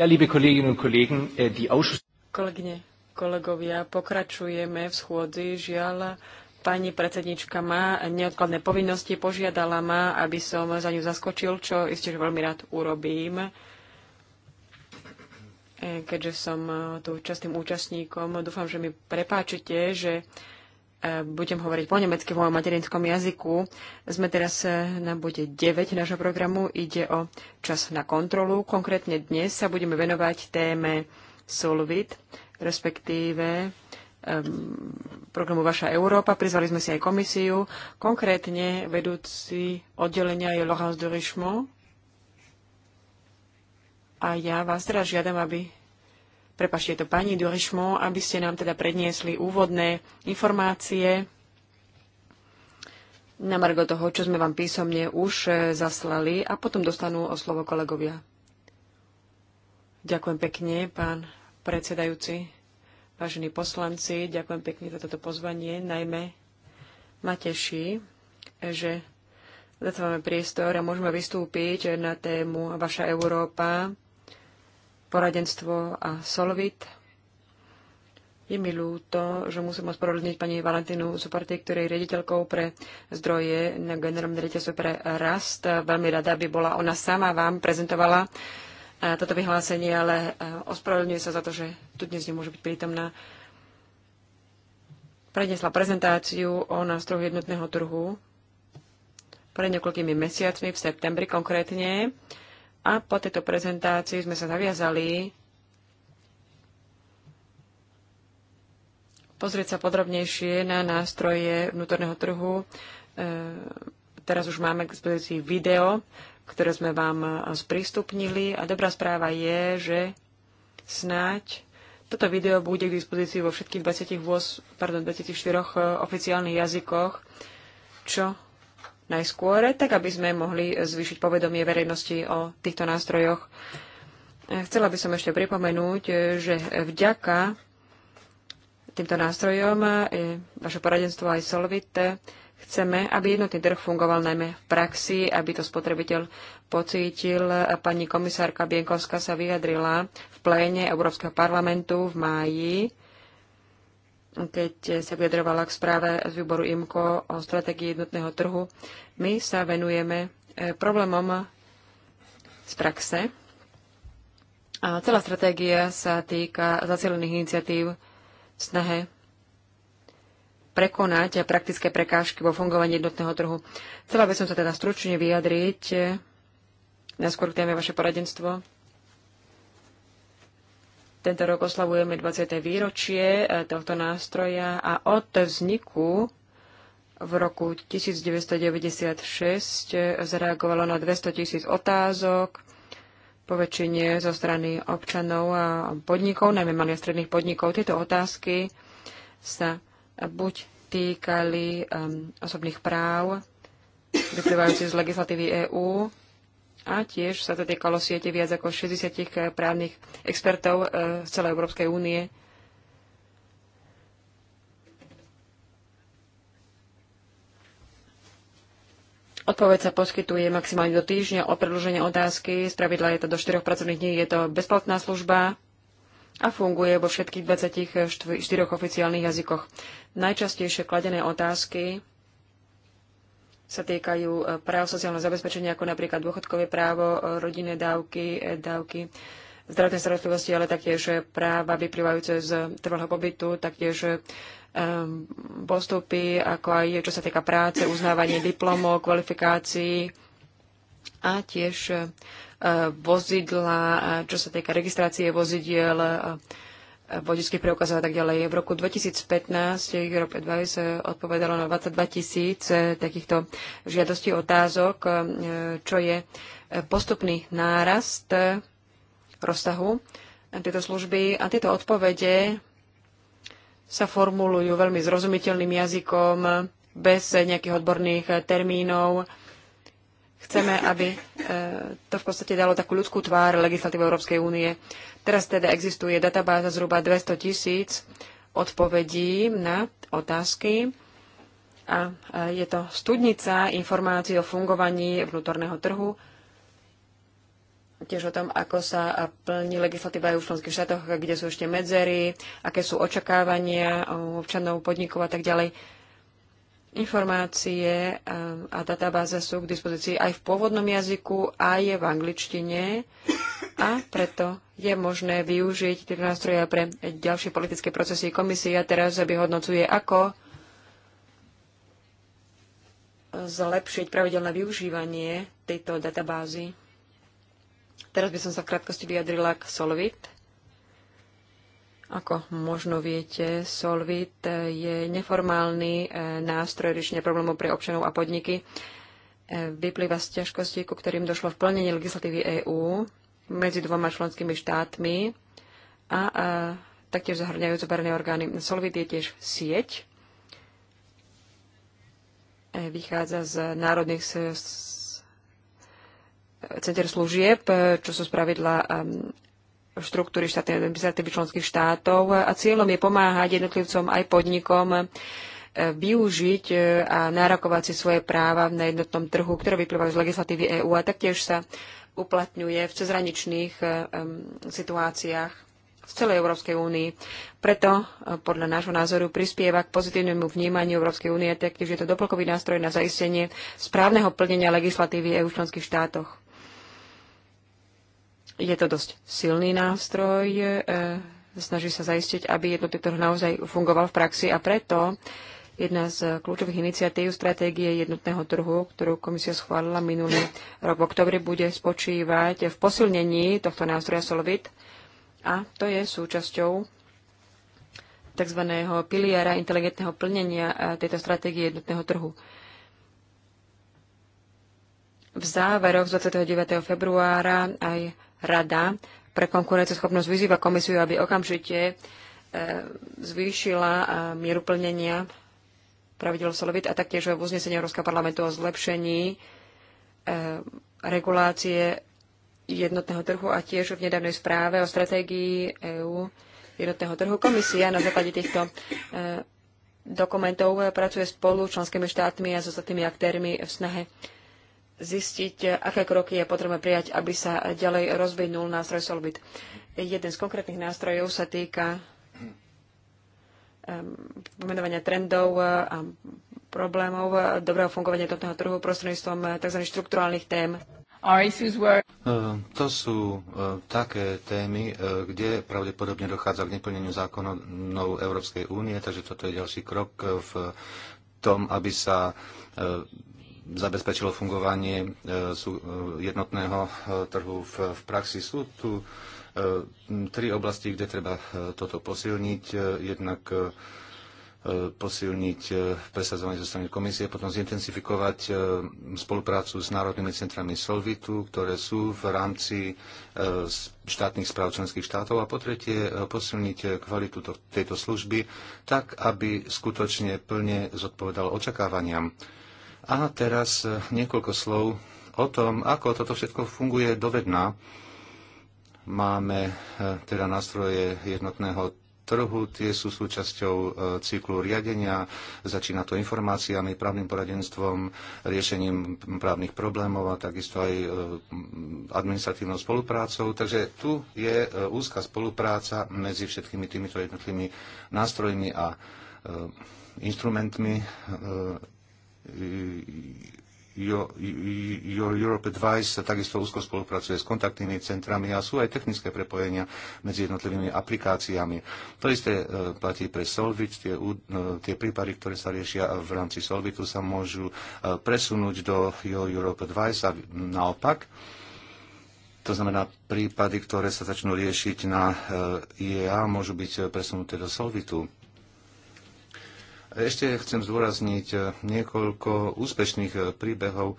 D: Ja, liebe Kolleginnen und Kollegen, äh, die Ausschuss...
A: Kolegyne, kolegovia, pokračujeme v schôdzi. Žiaľ, pani predsednička má neodkladné povinnosti, požiadala ma, aby som za ňu zaskočil, čo isté, že veľmi rád urobím e, keďže som tu častým účastníkom. Dúfam, že mi prepáčite, že budem hovoriť po nemecky, vo materinskom jazyku. Sme teraz e, na bode 9 nášho programu. Ide o čas na kontrolu. Konkrétne dnes sa budeme venovať téme Solvit, respektíve programu Vaša Európa. Prizvali sme si aj komisiu. Konkrétne vedúci oddelenia je Laurence de Richemont. A ja vás teraz žiadam, aby prepašte to pani Dorišmo, aby ste nám teda predniesli úvodné informácie na margo toho, čo sme vám písomne už e, zaslali a potom dostanú o slovo kolegovia. Ďakujem pekne, pán predsedajúci, vážení poslanci, ďakujem pekne za toto pozvanie, najmä ma teší, že zatvárame priestor a môžeme vystúpiť na tému Vaša Európa, poradenstvo a Solvit. Je mi ľúto, že musím ospravedlniť pani Valentínu Zuparty, ktorej je riaditeľkou pre zdroje na generálnom riaditeľstve pre rast. Veľmi rada by bola ona sama vám prezentovala eh, toto vyhlásenie, ale eh, ospravedlňuje sa za to, že tu dnes nemôže byť prítomná. Prednesla prezentáciu o nástrohu jednotného trhu pred niekoľkými mesiacmi, v septembri konkrétne. A po tejto prezentácii sme sa zaviazali pozrieť sa podrobnejšie na nástroje vnútorného trhu. E, teraz už máme k dispozícii video, ktoré sme vám e, sprístupnili a dobrá správa je, že snáď toto video bude k dispozícii vo všetkých 28, pardon, 24 e, oficiálnych jazykoch, čo najskôr, tak aby sme mohli zvýšiť povedomie verejnosti o týchto nástrojoch. Chcela by som ešte pripomenúť, že vďaka týmto nástrojom, e, vaše poradenstvo aj Solvit, chceme, aby jednotný trh fungoval najmä v praxi, aby to spotrebiteľ pocítil. Pani komisárka Bienkovská sa vyjadrila v pléne Európskeho parlamentu v máji keď sa vyjadrovala k správe z výboru IMCO o stratégii jednotného trhu. My sa venujeme e, problémom z praxe. A celá stratégia sa týka zacielených iniciatív v snahe prekonať praktické prekážky vo fungovaní jednotného trhu. Chcela by som sa teda stručne vyjadriť, e, neskôr k téme vaše poradenstvo. Tento rok oslavujeme 20. výročie e, tohto nástroja a od vzniku v roku 1996 e, zareagovalo na 200 tisíc otázok, po väčšine zo strany občanov a podnikov, najmä malých a stredných podnikov. Tieto otázky sa buď týkali um, osobných práv, vyplývajúcich z legislatívy EÚ, a tiež sa to týkalo siete viac ako 60 eh, právnych expertov eh, z celej Európskej únie. Odpoveď sa poskytuje maximálne do týždňa od predĺženie otázky. Z pravidla je to do 4 pracovných dní. Je to bezplatná služba a funguje vo všetkých 24 oficiálnych jazykoch. Najčastejšie kladené otázky sa týkajú e, práv sociálneho zabezpečenia, ako napríklad dôchodkové právo, e, rodinné dávky, e, dávky zdravotnej starostlivosti, ale taktiež práva vyplývajúce z trvalého pobytu, taktiež um, postupy, ako aj čo sa týka práce, uznávanie diplomov, kvalifikácií a tiež uh, vozidla, čo sa týka registrácie vozidiel, uh, vodičských preukazov a tak ďalej. V roku 2015 Europe Advice eh, odpovedalo na 22 tisíc eh, takýchto žiadostí otázok, eh, čo je postupný nárast rozsahu tejto služby a tieto odpovede sa formulujú veľmi zrozumiteľným jazykom, bez nejakých odborných termínov. Chceme, aby to v podstate dalo takú ľudskú tvár legislatívy Európskej únie. Teraz teda existuje databáza zhruba 200 tisíc odpovedí na otázky a je to studnica informácií o fungovaní vnútorného trhu, tiež o tom, ako sa plní legislatíva aj v členských štátoch, kde sú ešte medzery, aké sú očakávania občanov, podnikov a tak ďalej. Informácie a databáze sú k dispozícii aj v pôvodnom jazyku, aj v angličtine a preto je možné využiť tieto nástroje pre ďalšie politické procesy. Komisia teraz vyhodnocuje, ako zlepšiť pravidelné využívanie tejto databázy. Teraz by som sa v krátkosti vyjadrila k Solvit. Ako možno viete, Solvit je neformálny e, nástroj riešenia problémov pre občanov a podniky. E, vyplýva z ťažkostí, ku ktorým došlo v plnení legislatívy EÚ medzi dvoma členskými štátmi a, a taktiež zahrňajú zoberné orgány. Solvit je tiež sieť, e, vychádza z národných center služieb, e, čo sú spravidla e, štruktúry štátnej administratívy členských štátov a cieľom je pomáhať jednotlivcom aj podnikom využiť e, a nárokovať si svoje práva na jednotnom trhu, ktoré vyplývajú z legislatívy EÚ a taktiež sa uplatňuje v cezhraničných e, situáciách v celej Európskej únii. Preto e, podľa nášho názoru prispieva k pozitívnemu vnímaniu Európskej únie, taktiež je to doplkový nástroj na zaistenie správneho plnenia legislatívy EU v členských štátoch. Je to dosť silný nástroj, snaží sa zaistiť, aby jednotný trh naozaj fungoval v praxi a preto Jedna z kľúčových iniciatív stratégie jednotného trhu, ktorú komisia schválila minulý rok v oktobri, bude spočívať v posilnení tohto nástroja Solvit a to je súčasťou tzv. piliera inteligentného plnenia tejto stratégie jednotného trhu. V záveroch z 29. februára aj Rada pre konkurenceschopnosť vyzýva komisiu, aby okamžite e, zvýšila mieru plnenia pravidel Solvit a taktiež v uznesení Európskeho parlamentu o zlepšení eh, regulácie jednotného trhu a tiež v nedávnej správe o stratégii EÚ jednotného trhu. Komisia na základe týchto eh, dokumentov pracuje spolu s členskými štátmi a s so ostatnými aktérmi v snahe zistiť, aké kroky je potrebné prijať, aby sa ďalej rozvinul nástroj Solvit. Jeden z konkrétnych nástrojov sa týka pomenovania trendov e, a problémov e, dobrého fungovania tohto trhu prostredníctvom e, tzv. štruktúrálnych tém.
C: To sú také témy, kde pravdepodobne dochádza k neplneniu zákonov Európskej únie, takže toto je ďalší krok v tom, aby sa zabezpečilo fungovanie jednotného trhu v praxi. Sú tu Ehm, tri oblasti, kde treba e, toto posilniť. E, jednak e, posilniť presadzovanie zo strany komisie, potom zintensifikovať spoluprácu s národnými centrami Solvitu, ktoré sú v rámci štátnych správ členských štátov a po tretie posilniť kvalitu tejto služby tak, aby skutočne plne zodpovedal očakávaniam. A teraz niekoľko slov o tom, ako toto všetko funguje dovedná. Máme e, teda nástroje jednotného trhu, tie sú súčasťou e, cyklu riadenia, začína to informáciami, právnym poradenstvom, riešením právnych problémov a takisto aj e, administratívnou spoluprácou. Takže tu je úzka spolupráca medzi všetkými týmito jednotlivými nástrojmi a instrumentmi Your, Europe Advice sa takisto úzko spolupracuje s kontaktnými centrami a sú aj technické prepojenia medzi jednotlivými aplikáciami. To isté e, platí pre Solvit. Tie, e, tie prípady, ktoré sa riešia v rámci Solvitu, sa môžu e, presunúť do Your Europe Advice a naopak. To znamená, prípady, ktoré sa začnú riešiť na IEA, môžu byť presunuté do Solvitu. Ešte chcem zdôrazniť e, niekoľko úspešných e, príbehov,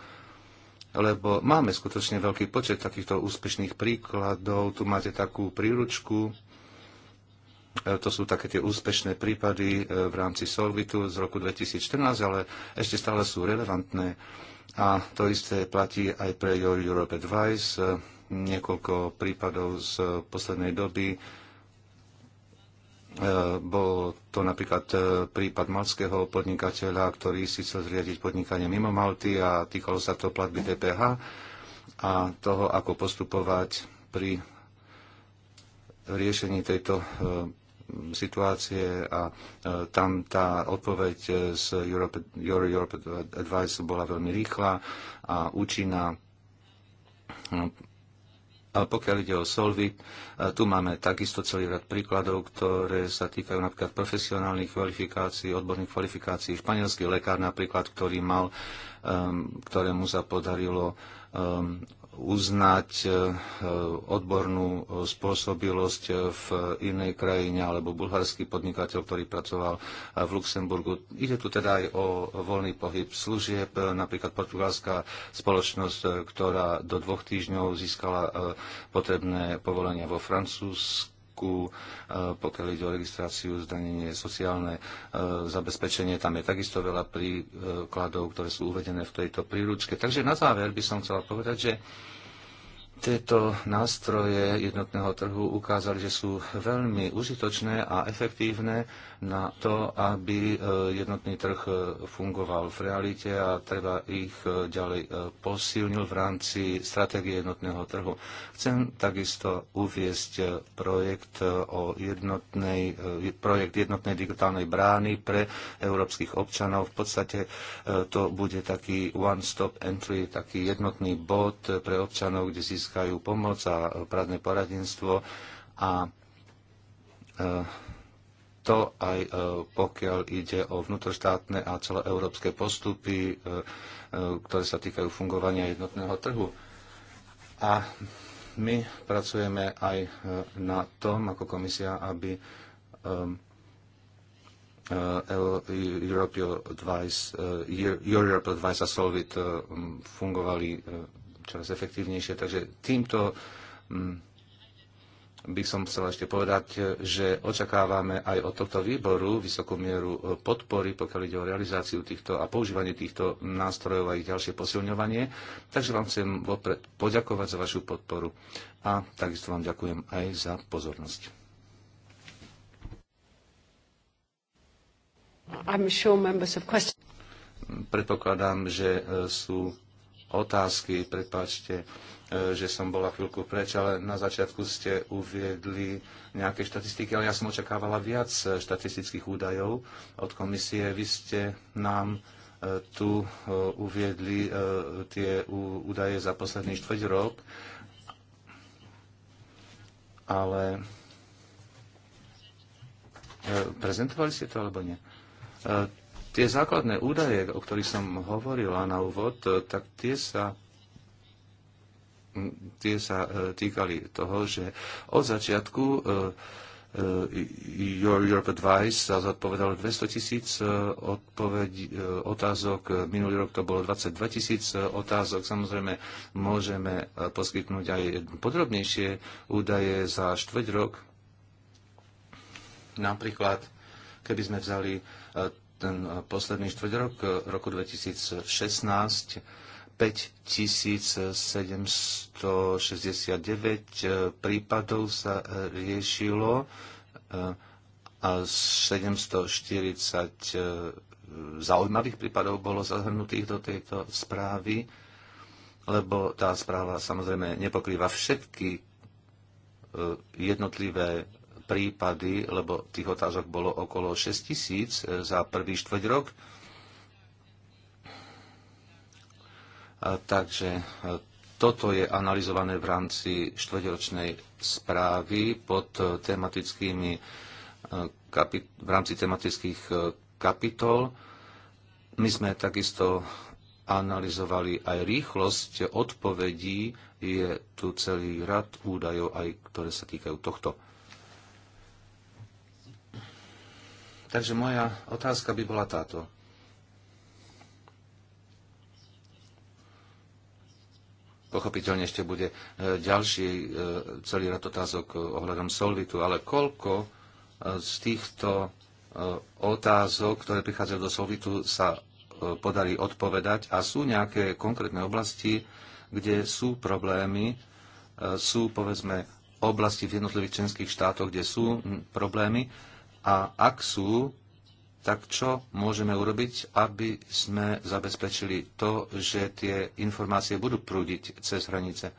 C: lebo máme skutočne veľký počet takýchto úspešných príkladov. Tu máte takú príručku, e, to sú také tie úspešné prípady v rámci Solvitu z roku 2014, ale ešte stále sú relevantné. A to isté platí aj pre Your Europe Advice. Niekoľko prípadov z poslednej doby E, bol to napríklad e, prípad malského podnikateľa, ktorý si chcel zriadiť podnikanie mimo Malty a týkalo sa to platby DPH a toho, ako postupovať pri riešení tejto e, situácie a tam tá odpoveď z Europe, Euro Europe Advice bola veľmi rýchla a účinná. No, a pokiaľ ide o solvy, tu máme takisto celý rad príkladov, ktoré sa týkajú napríklad profesionálnych kvalifikácií, odborných kvalifikácií. Španielský lekár napríklad, ktorý mal, ehm, ktorému sa podarilo ehm, uznať e, e, odbornú e, spôsobilosť v inej krajine alebo bulharský podnikateľ, ktorý pracoval v Luxemburgu. Ide tu teda aj o voľný pohyb služieb, napríklad portugalská spoločnosť, ktorá do dvoch týždňov získala potrebné povolenia vo Francúzsku pokiaľ ide o registráciu, zdanenie, sociálne zabezpečenie, tam je takisto veľa príkladov, ktoré sú uvedené v tejto príručke. Takže na záver by som chcela povedať, že tieto nástroje jednotného trhu ukázali, že sú veľmi užitočné a efektívne na to, aby e, jednotný trh e, fungoval v realite a treba ich e, ďalej posilnil v rámci stratégie jednotného trhu. Chcem takisto uviesť projekt o jednotnej, projekt jednotnej digitálnej brány pre európskych občanov. V podstate to bude taký one-stop entry, taký jednotný bod pre občanov, kde získajú získajú pomoc a právne poradenstvo a e, to aj e, pokiaľ ide o vnútroštátne a celoeurópske postupy, e, ktoré sa týkajú fungovania jednotného trhu. A my pracujeme aj na tom, ako komisia, aby Europe Advice, Europe Advice a Solvit fungovali čoraz efektívnejšie. Takže týmto mm, by som chcel ešte povedať, že očakávame aj od tohto výboru vysokú mieru podpory, pokiaľ ide o realizáciu týchto a používanie týchto nástrojov a ich ďalšie posilňovanie. Takže vám chcem vopred poďakovať za vašu podporu a takisto vám ďakujem aj za pozornosť. Sure Predpokladám, že e, sú otázky. Prepačte, e, že som bola chvíľku preč, ale na začiatku ste uviedli nejaké štatistiky, ale ja som očakávala viac e, štatistických údajov od komisie. Vy ste nám e, tu uviedli tie údaje za posledný štvrť rok, ale prezentovali ste to alebo nie? Tie základné údaje, o ktorých som hovorila na úvod, e, tak tie sa tie sa e, týkali toho, že od začiatku e, Your Europe Advice sa zodpovedalo 200 tisíc otázok, minulý rok to bolo 22 tisíc otázok. Samozrejme, môžeme poskytnúť aj podrobnejšie údaje za štvrť rok. Napríklad, keby sme vzali ten eh, posledný rok, eh, roku 2016 5769 eh, prípadov sa riešilo a 740 zaujímavých prípadov bolo zahrnutých do tejto správy, lebo tá správa samozrejme nepokrýva všetky jednotlivé prípady, lebo tých otázok bolo okolo 6 tisíc e, za prvý štvrť rok. A takže e, toto je analyzované v rámci štvrťročnej správy pod e, tematickými v rámci tematických kapitol. My sme takisto analyzovali aj rýchlosť odpovedí. Je tu celý rad údajov, aj ktoré sa týkajú tohto Takže moja otázka by bola táto. Pochopiteľne ešte bude e, ďalší e, celý rad otázok e, ohľadom Solvitu, ale koľko z týchto otázok, ktoré prichádzajú do Solvitu, sa podarí odpovedať a sú nejaké konkrétne oblasti, kde sú problémy, sú povedzme oblasti v jednotlivých členských štátoch, kde sú problémy a ak sú, tak čo môžeme urobiť, aby sme zabezpečili to, že tie informácie budú prúdiť cez hranice? E,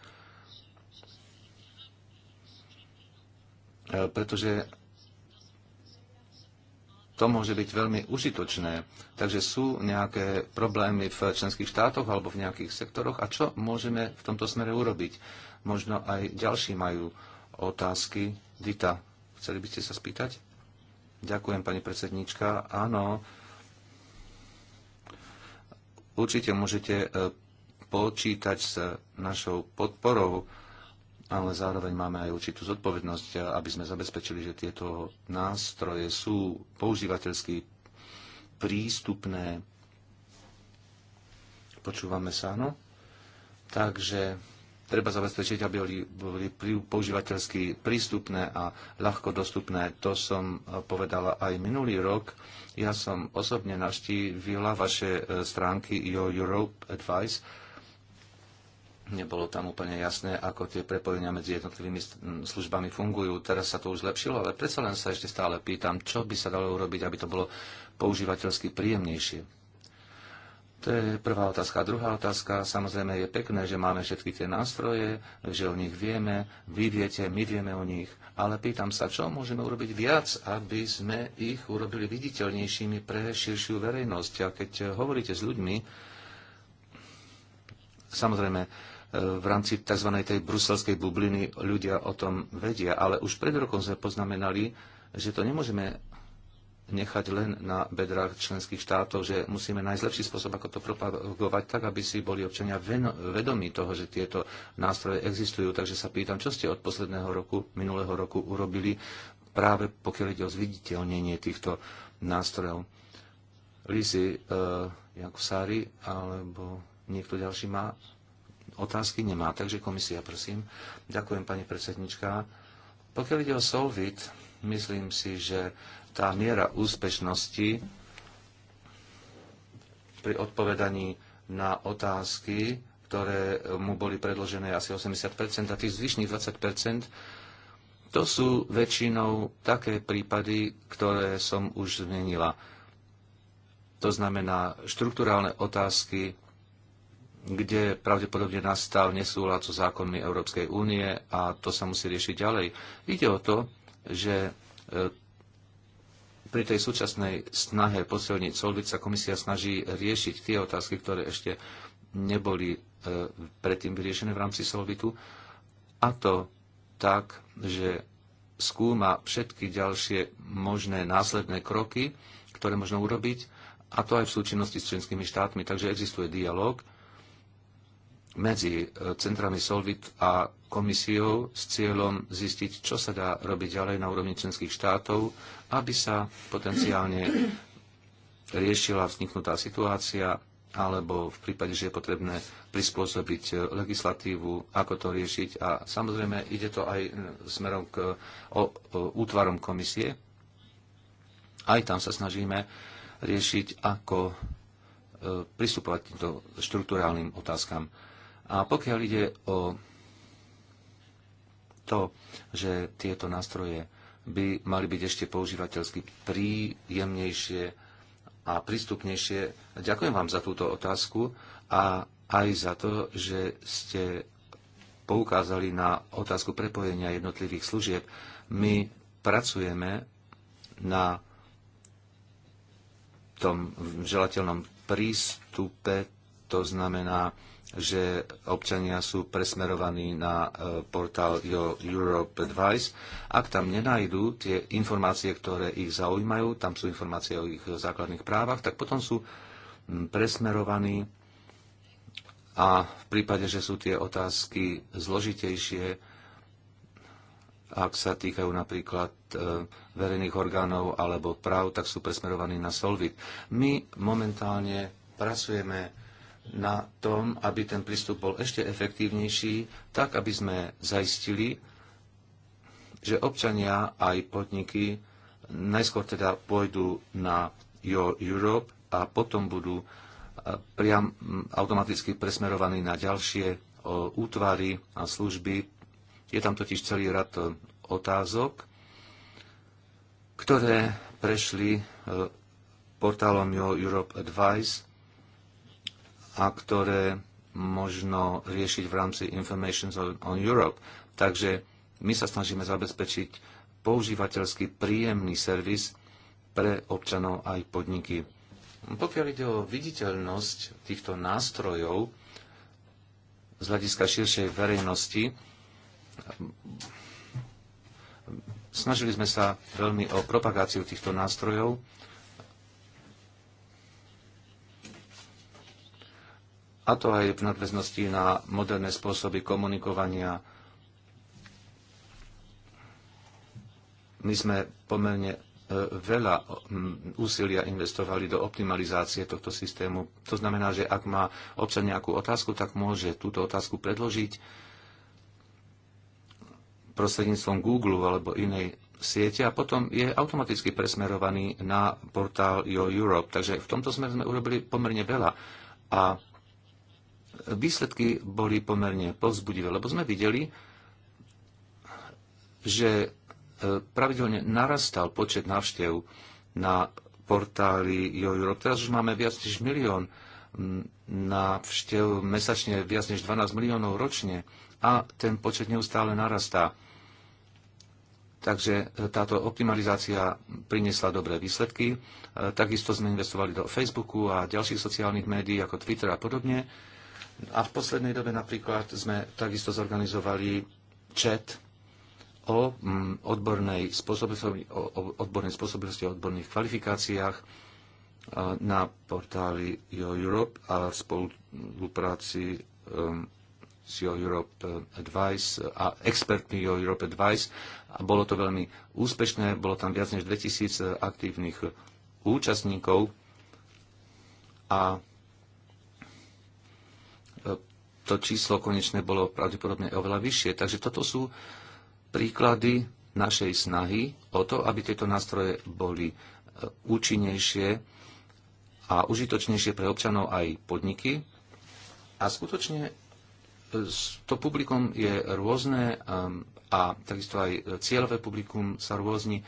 C: pretože to môže byť veľmi užitočné. Takže sú nejaké problémy v členských štátoch alebo v nejakých sektoroch a čo môžeme v tomto smere urobiť? Možno aj ďalší majú otázky. Dita, chceli by ste sa spýtať? Ďakujem, pani predsednička. Áno, určite môžete e, počítať s našou podporou, ale zároveň máme aj určitú zodpovednosť, e, aby sme zabezpečili, že tieto nástroje sú používateľsky prístupné. Počúvame sa, áno? Takže Treba zabezpečiť, aby boli, boli používateľsky prístupné a ľahko dostupné. To som eh, povedala aj minulý rok. Ja som osobne navštívila vaše eh, stránky Your Europe Advice. Nebolo tam úplne jasné, ako tie prepojenia medzi jednotlivými službami fungujú. Teraz sa to už zlepšilo, ale predsa len sa ešte stále pýtam, čo by sa dalo urobiť, aby to bolo používateľsky príjemnejšie. To je prvá otázka. druhá otázka, samozrejme je pekné, že máme všetky tie nástroje, že o nich vieme, vy viete, my vieme o nich, ale pýtam sa, čo môžeme urobiť viac, aby sme ich urobili viditeľnejšími pre širšiu verejnosť. A keď hovoríte s ľuďmi, samozrejme, e, v rámci tzv. tej bruselskej bubliny ľudia o tom vedia, ale už pred rokom sme poznamenali, že to nemôžeme nechať len na bedrách členských štátov, že musíme nájsť lepší spôsob, ako to propagovať, tak aby si boli občania vedomí toho, že tieto nástroje existujú. Takže sa pýtam, čo ste od posledného roku, minulého roku urobili práve pokiaľ ide o zviditeľnenie týchto nástrojov. Lizy e, eh, Sári, alebo niekto ďalší má otázky? Nemá, takže komisia, prosím. Ďakujem, pani predsednička. Pokiaľ ide o Solvit, myslím si, že tá miera úspešnosti pri odpovedaní na otázky, ktoré mu boli predložené asi 80 a tých zvyšných 20 to sú väčšinou také prípady, ktoré som už zmenila. To znamená štruktúrálne otázky, kde pravdepodobne nastal nesúlad so zákonmi Európskej únie a to sa musí riešiť ďalej. Ide o to, že e, pri tej súčasnej snahe posilniť Solvit sa komisia snaží riešiť tie otázky, ktoré ešte neboli e, predtým vyriešené v rámci Solvitu. A to tak, že skúma všetky ďalšie možné následné kroky, ktoré možno urobiť, a to aj v súčinnosti s členskými štátmi. Takže existuje dialog medzi e, centrami Solvit a komisiou s cieľom zistiť, čo sa dá robiť ďalej na úrovni členských štátov, aby sa potenciálne riešila vzniknutá situácia alebo v prípade, že je potrebné prispôsobiť e, legislatívu, ako to riešiť. A samozrejme, ide to aj e, smerom k o, o, útvarom komisie. Aj tam sa snažíme riešiť, ako pristupovať k týmto štruktúrálnym otázkam. A pokiaľ ide o to, že tieto nástroje by mali byť ešte používateľsky príjemnejšie a prístupnejšie, ďakujem vám za túto otázku a aj za to, že ste poukázali na otázku prepojenia jednotlivých služieb. My pracujeme na tom želateľnom prístupe, to znamená, že občania sú presmerovaní na e, portál Europe Advice. Ak tam nenajdú tie informácie, ktoré ich zaujímajú, tam sú informácie o ich základných právach, tak potom sú presmerovaní a v prípade, že sú tie otázky zložitejšie, ak sa týkajú napríklad e, verejných orgánov alebo práv, tak sú presmerovaní na Solvit. My momentálne pracujeme na tom, aby ten prístup bol ešte efektívnejší, tak aby sme zaistili, že občania aj podniky najskôr teda pôjdu na Your Europe a potom budú eh, priam hm, automaticky presmerovaní na ďalšie eh, útvary a služby. Je tam totiž celý rad eh, otázok, ktoré prešli portálom Your Europe Advice a ktoré možno riešiť v rámci Information on Europe. Takže my sa snažíme zabezpečiť používateľský príjemný servis pre občanov aj podniky. Pokiaľ ide o viditeľnosť týchto nástrojov z hľadiska širšej verejnosti, snažili sme sa veľmi o propagáciu týchto nástrojov a to aj v nadväznosti na moderné spôsoby komunikovania. My sme pomerne e, veľa úsilia investovali do optimalizácie tohto systému. To znamená, že ak má občan nejakú otázku, tak môže túto otázku predložiť prostredníctvom Google alebo inej siete a potom je automaticky presmerovaný na portál Your Europe. Takže v tomto sme, sme urobili pomerne veľa. A výsledky boli pomerne povzbudivé, lebo sme videli, že e, pravidelne narastal počet návštev na portáli Jojuro. Teraz už máme viac než milión návštev mesačne, viac než 12 miliónov ročne a ten počet neustále narastá. Takže e, táto optimalizácia priniesla dobré výsledky. E, takisto sme investovali do Facebooku a ďalších sociálnych médií ako Twitter a podobne. A v poslednej dobe napríklad sme takisto zorganizovali chat mm, o odbornej spôsobilosti, o odbornej spôsobilosti, o odborných kvalifikáciách e, na portáli Yo Europe a v spolupráci s Yo Europe Advice a expertmi Yo Europe Advice. A bolo to veľmi úspešné, bolo tam viac než 2000 aktívnych účastníkov a to číslo konečné bolo pravdepodobne oveľa vyššie. Takže toto sú príklady našej snahy o to, aby tieto nástroje boli e, účinnejšie a užitočnejšie pre občanov aj podniky. A skutočne e, to publikum je rôzne a takisto aj e, cieľové publikum sa rôzni.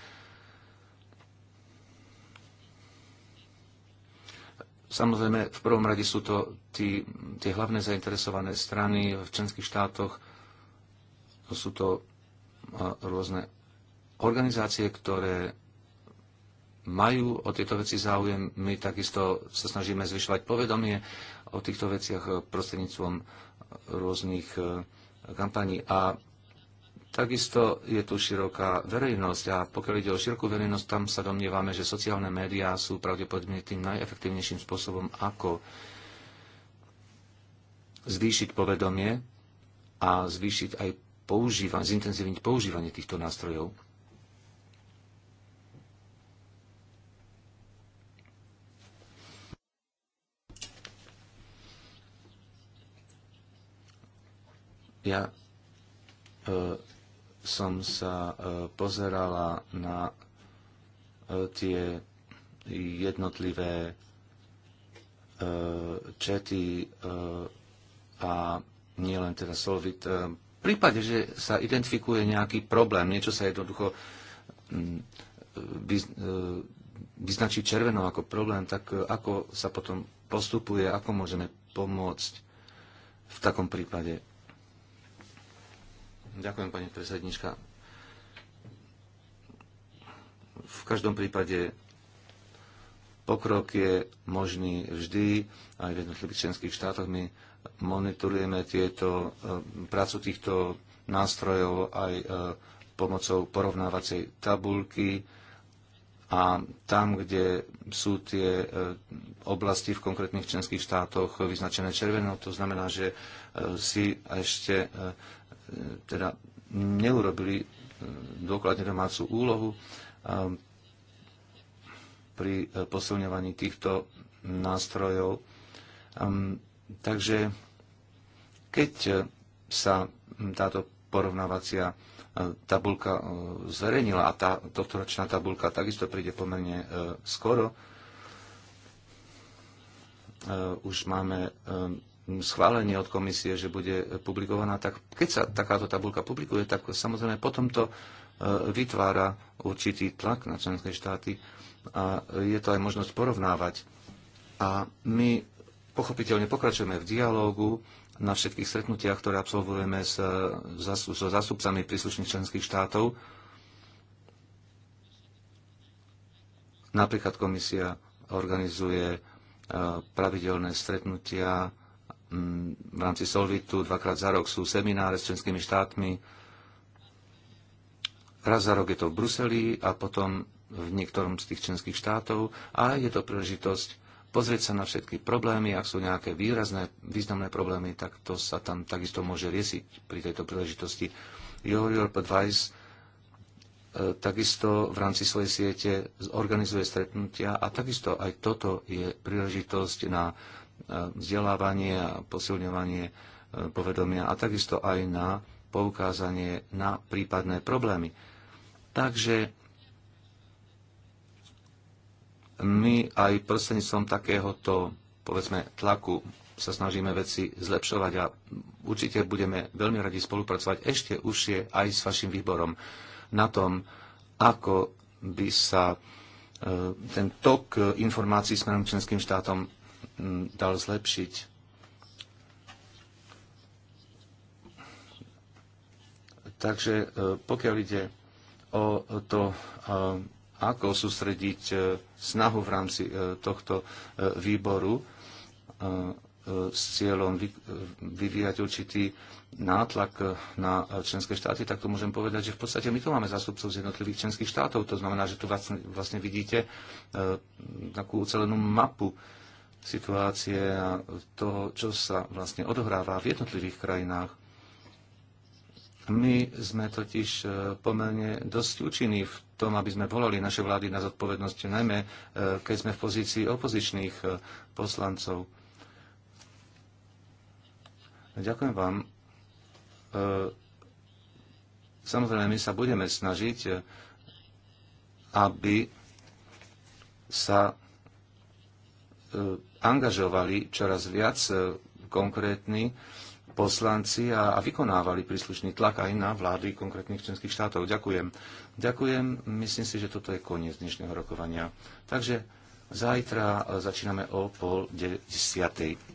C: Samozrejme, v prvom rade sú to tí, tie hlavné zainteresované strany v členských štátoch. Sú to rôzne organizácie, ktoré majú o tieto veci záujem. My takisto sa snažíme zvyšovať povedomie o týchto veciach prostredníctvom rôznych e, kampaní. A Takisto je tu široká verejnosť a pokiaľ ide o širokú verejnosť, tam sa domnievame, že sociálne médiá sú pravdepodobne tým najefektívnejším spôsobom, ako zvýšiť povedomie a zvýšiť aj používanie, zintenzívniť používanie týchto nástrojov. Ja e, som sa e, pozerala na e, tie jednotlivé e, čety a nielen teda Solvit. V prípade, že sa identifikuje nejaký problém, niečo sa jednoducho vyznačí červenou ako problém, tak ako sa potom postupuje, ako môžeme pomôcť v takom prípade. Ďakujem, pani predsednička. V každom prípade pokrok je možný vždy, aj v jednotlivých členských štátoch. My monitorujeme tieto, eh, prácu týchto nástrojov aj eh, pomocou porovnávacej tabulky a tam, kde sú tie e, oblasti v konkrétnych členských štátoch vyznačené červenou, to znamená, že e, si ešte e, teda neurobili dôkladne domácu úlohu pri posilňovaní týchto nástrojov. Takže keď sa táto porovnávacia tabulka e, zverejnila a tá ročná tabulka takisto príde pomerne e, skoro. E, už máme schválenie od komisie, že bude publikovaná, tak keď sa takáto tabulka publikuje, tak samozrejme potom to vytvára určitý tlak na členské štáty a je to aj možnosť porovnávať. A my pochopiteľne pokračujeme v dialógu, na všetkých stretnutiach, ktoré absolvujeme s, e, so zastupcami príslušných členských štátov. Napríklad komisia organizuje e, pravidelné stretnutia v rámci Solvitu, dvakrát za rok sú semináre s členskými štátmi. Raz za rok je to v Bruseli a potom v niektorom z tých členských štátov a je to príležitosť pozrieť sa na všetky problémy, ak sú nejaké výrazné, významné problémy, tak to sa tam takisto môže riešiť pri tejto príležitosti. Your Europe Advice e, takisto v rámci svojej siete organizuje stretnutia a takisto aj toto je príležitosť na e, vzdelávanie a posilňovanie e, povedomia a takisto aj na poukázanie na prípadné problémy. Takže my aj prostredníctvom takéhoto, povedzme, tlaku sa snažíme veci zlepšovať a určite budeme veľmi radi spolupracovať ešte užšie aj s vašim výborom na tom, ako by sa e, ten tok informácií smerom členským štátom dal zlepšiť. Takže e, pokiaľ ide o to e, ako sústrediť e, snahu v rámci e, tohto e, výboru s cieľom vyvíjať určitý nátlak na členské štáty, tak to môžem povedať, že v podstate my tu máme zástupcov z jednotlivých členských štátov. To znamená, že tu vlastne, vlastne vidíte takú ucelenú mapu situácie a toho, čo sa vlastne odohráva v jednotlivých krajinách. My sme totiž e, pomerne dosť účinní v tom, aby sme volali naše vlády na zodpovednosť, najmä e, keď sme v pozícii opozičných e, poslancov. Ďakujem vám. Samozrejme, my sa budeme snažiť, aby sa angažovali čoraz viac konkrétni poslanci a, a vykonávali príslušný tlak aj na vlády konkrétnych členských štátov. Ďakujem. Ďakujem. Myslím si, že toto je koniec dnešného rokovania. Takže zajtra e, začíname o pol desiatej.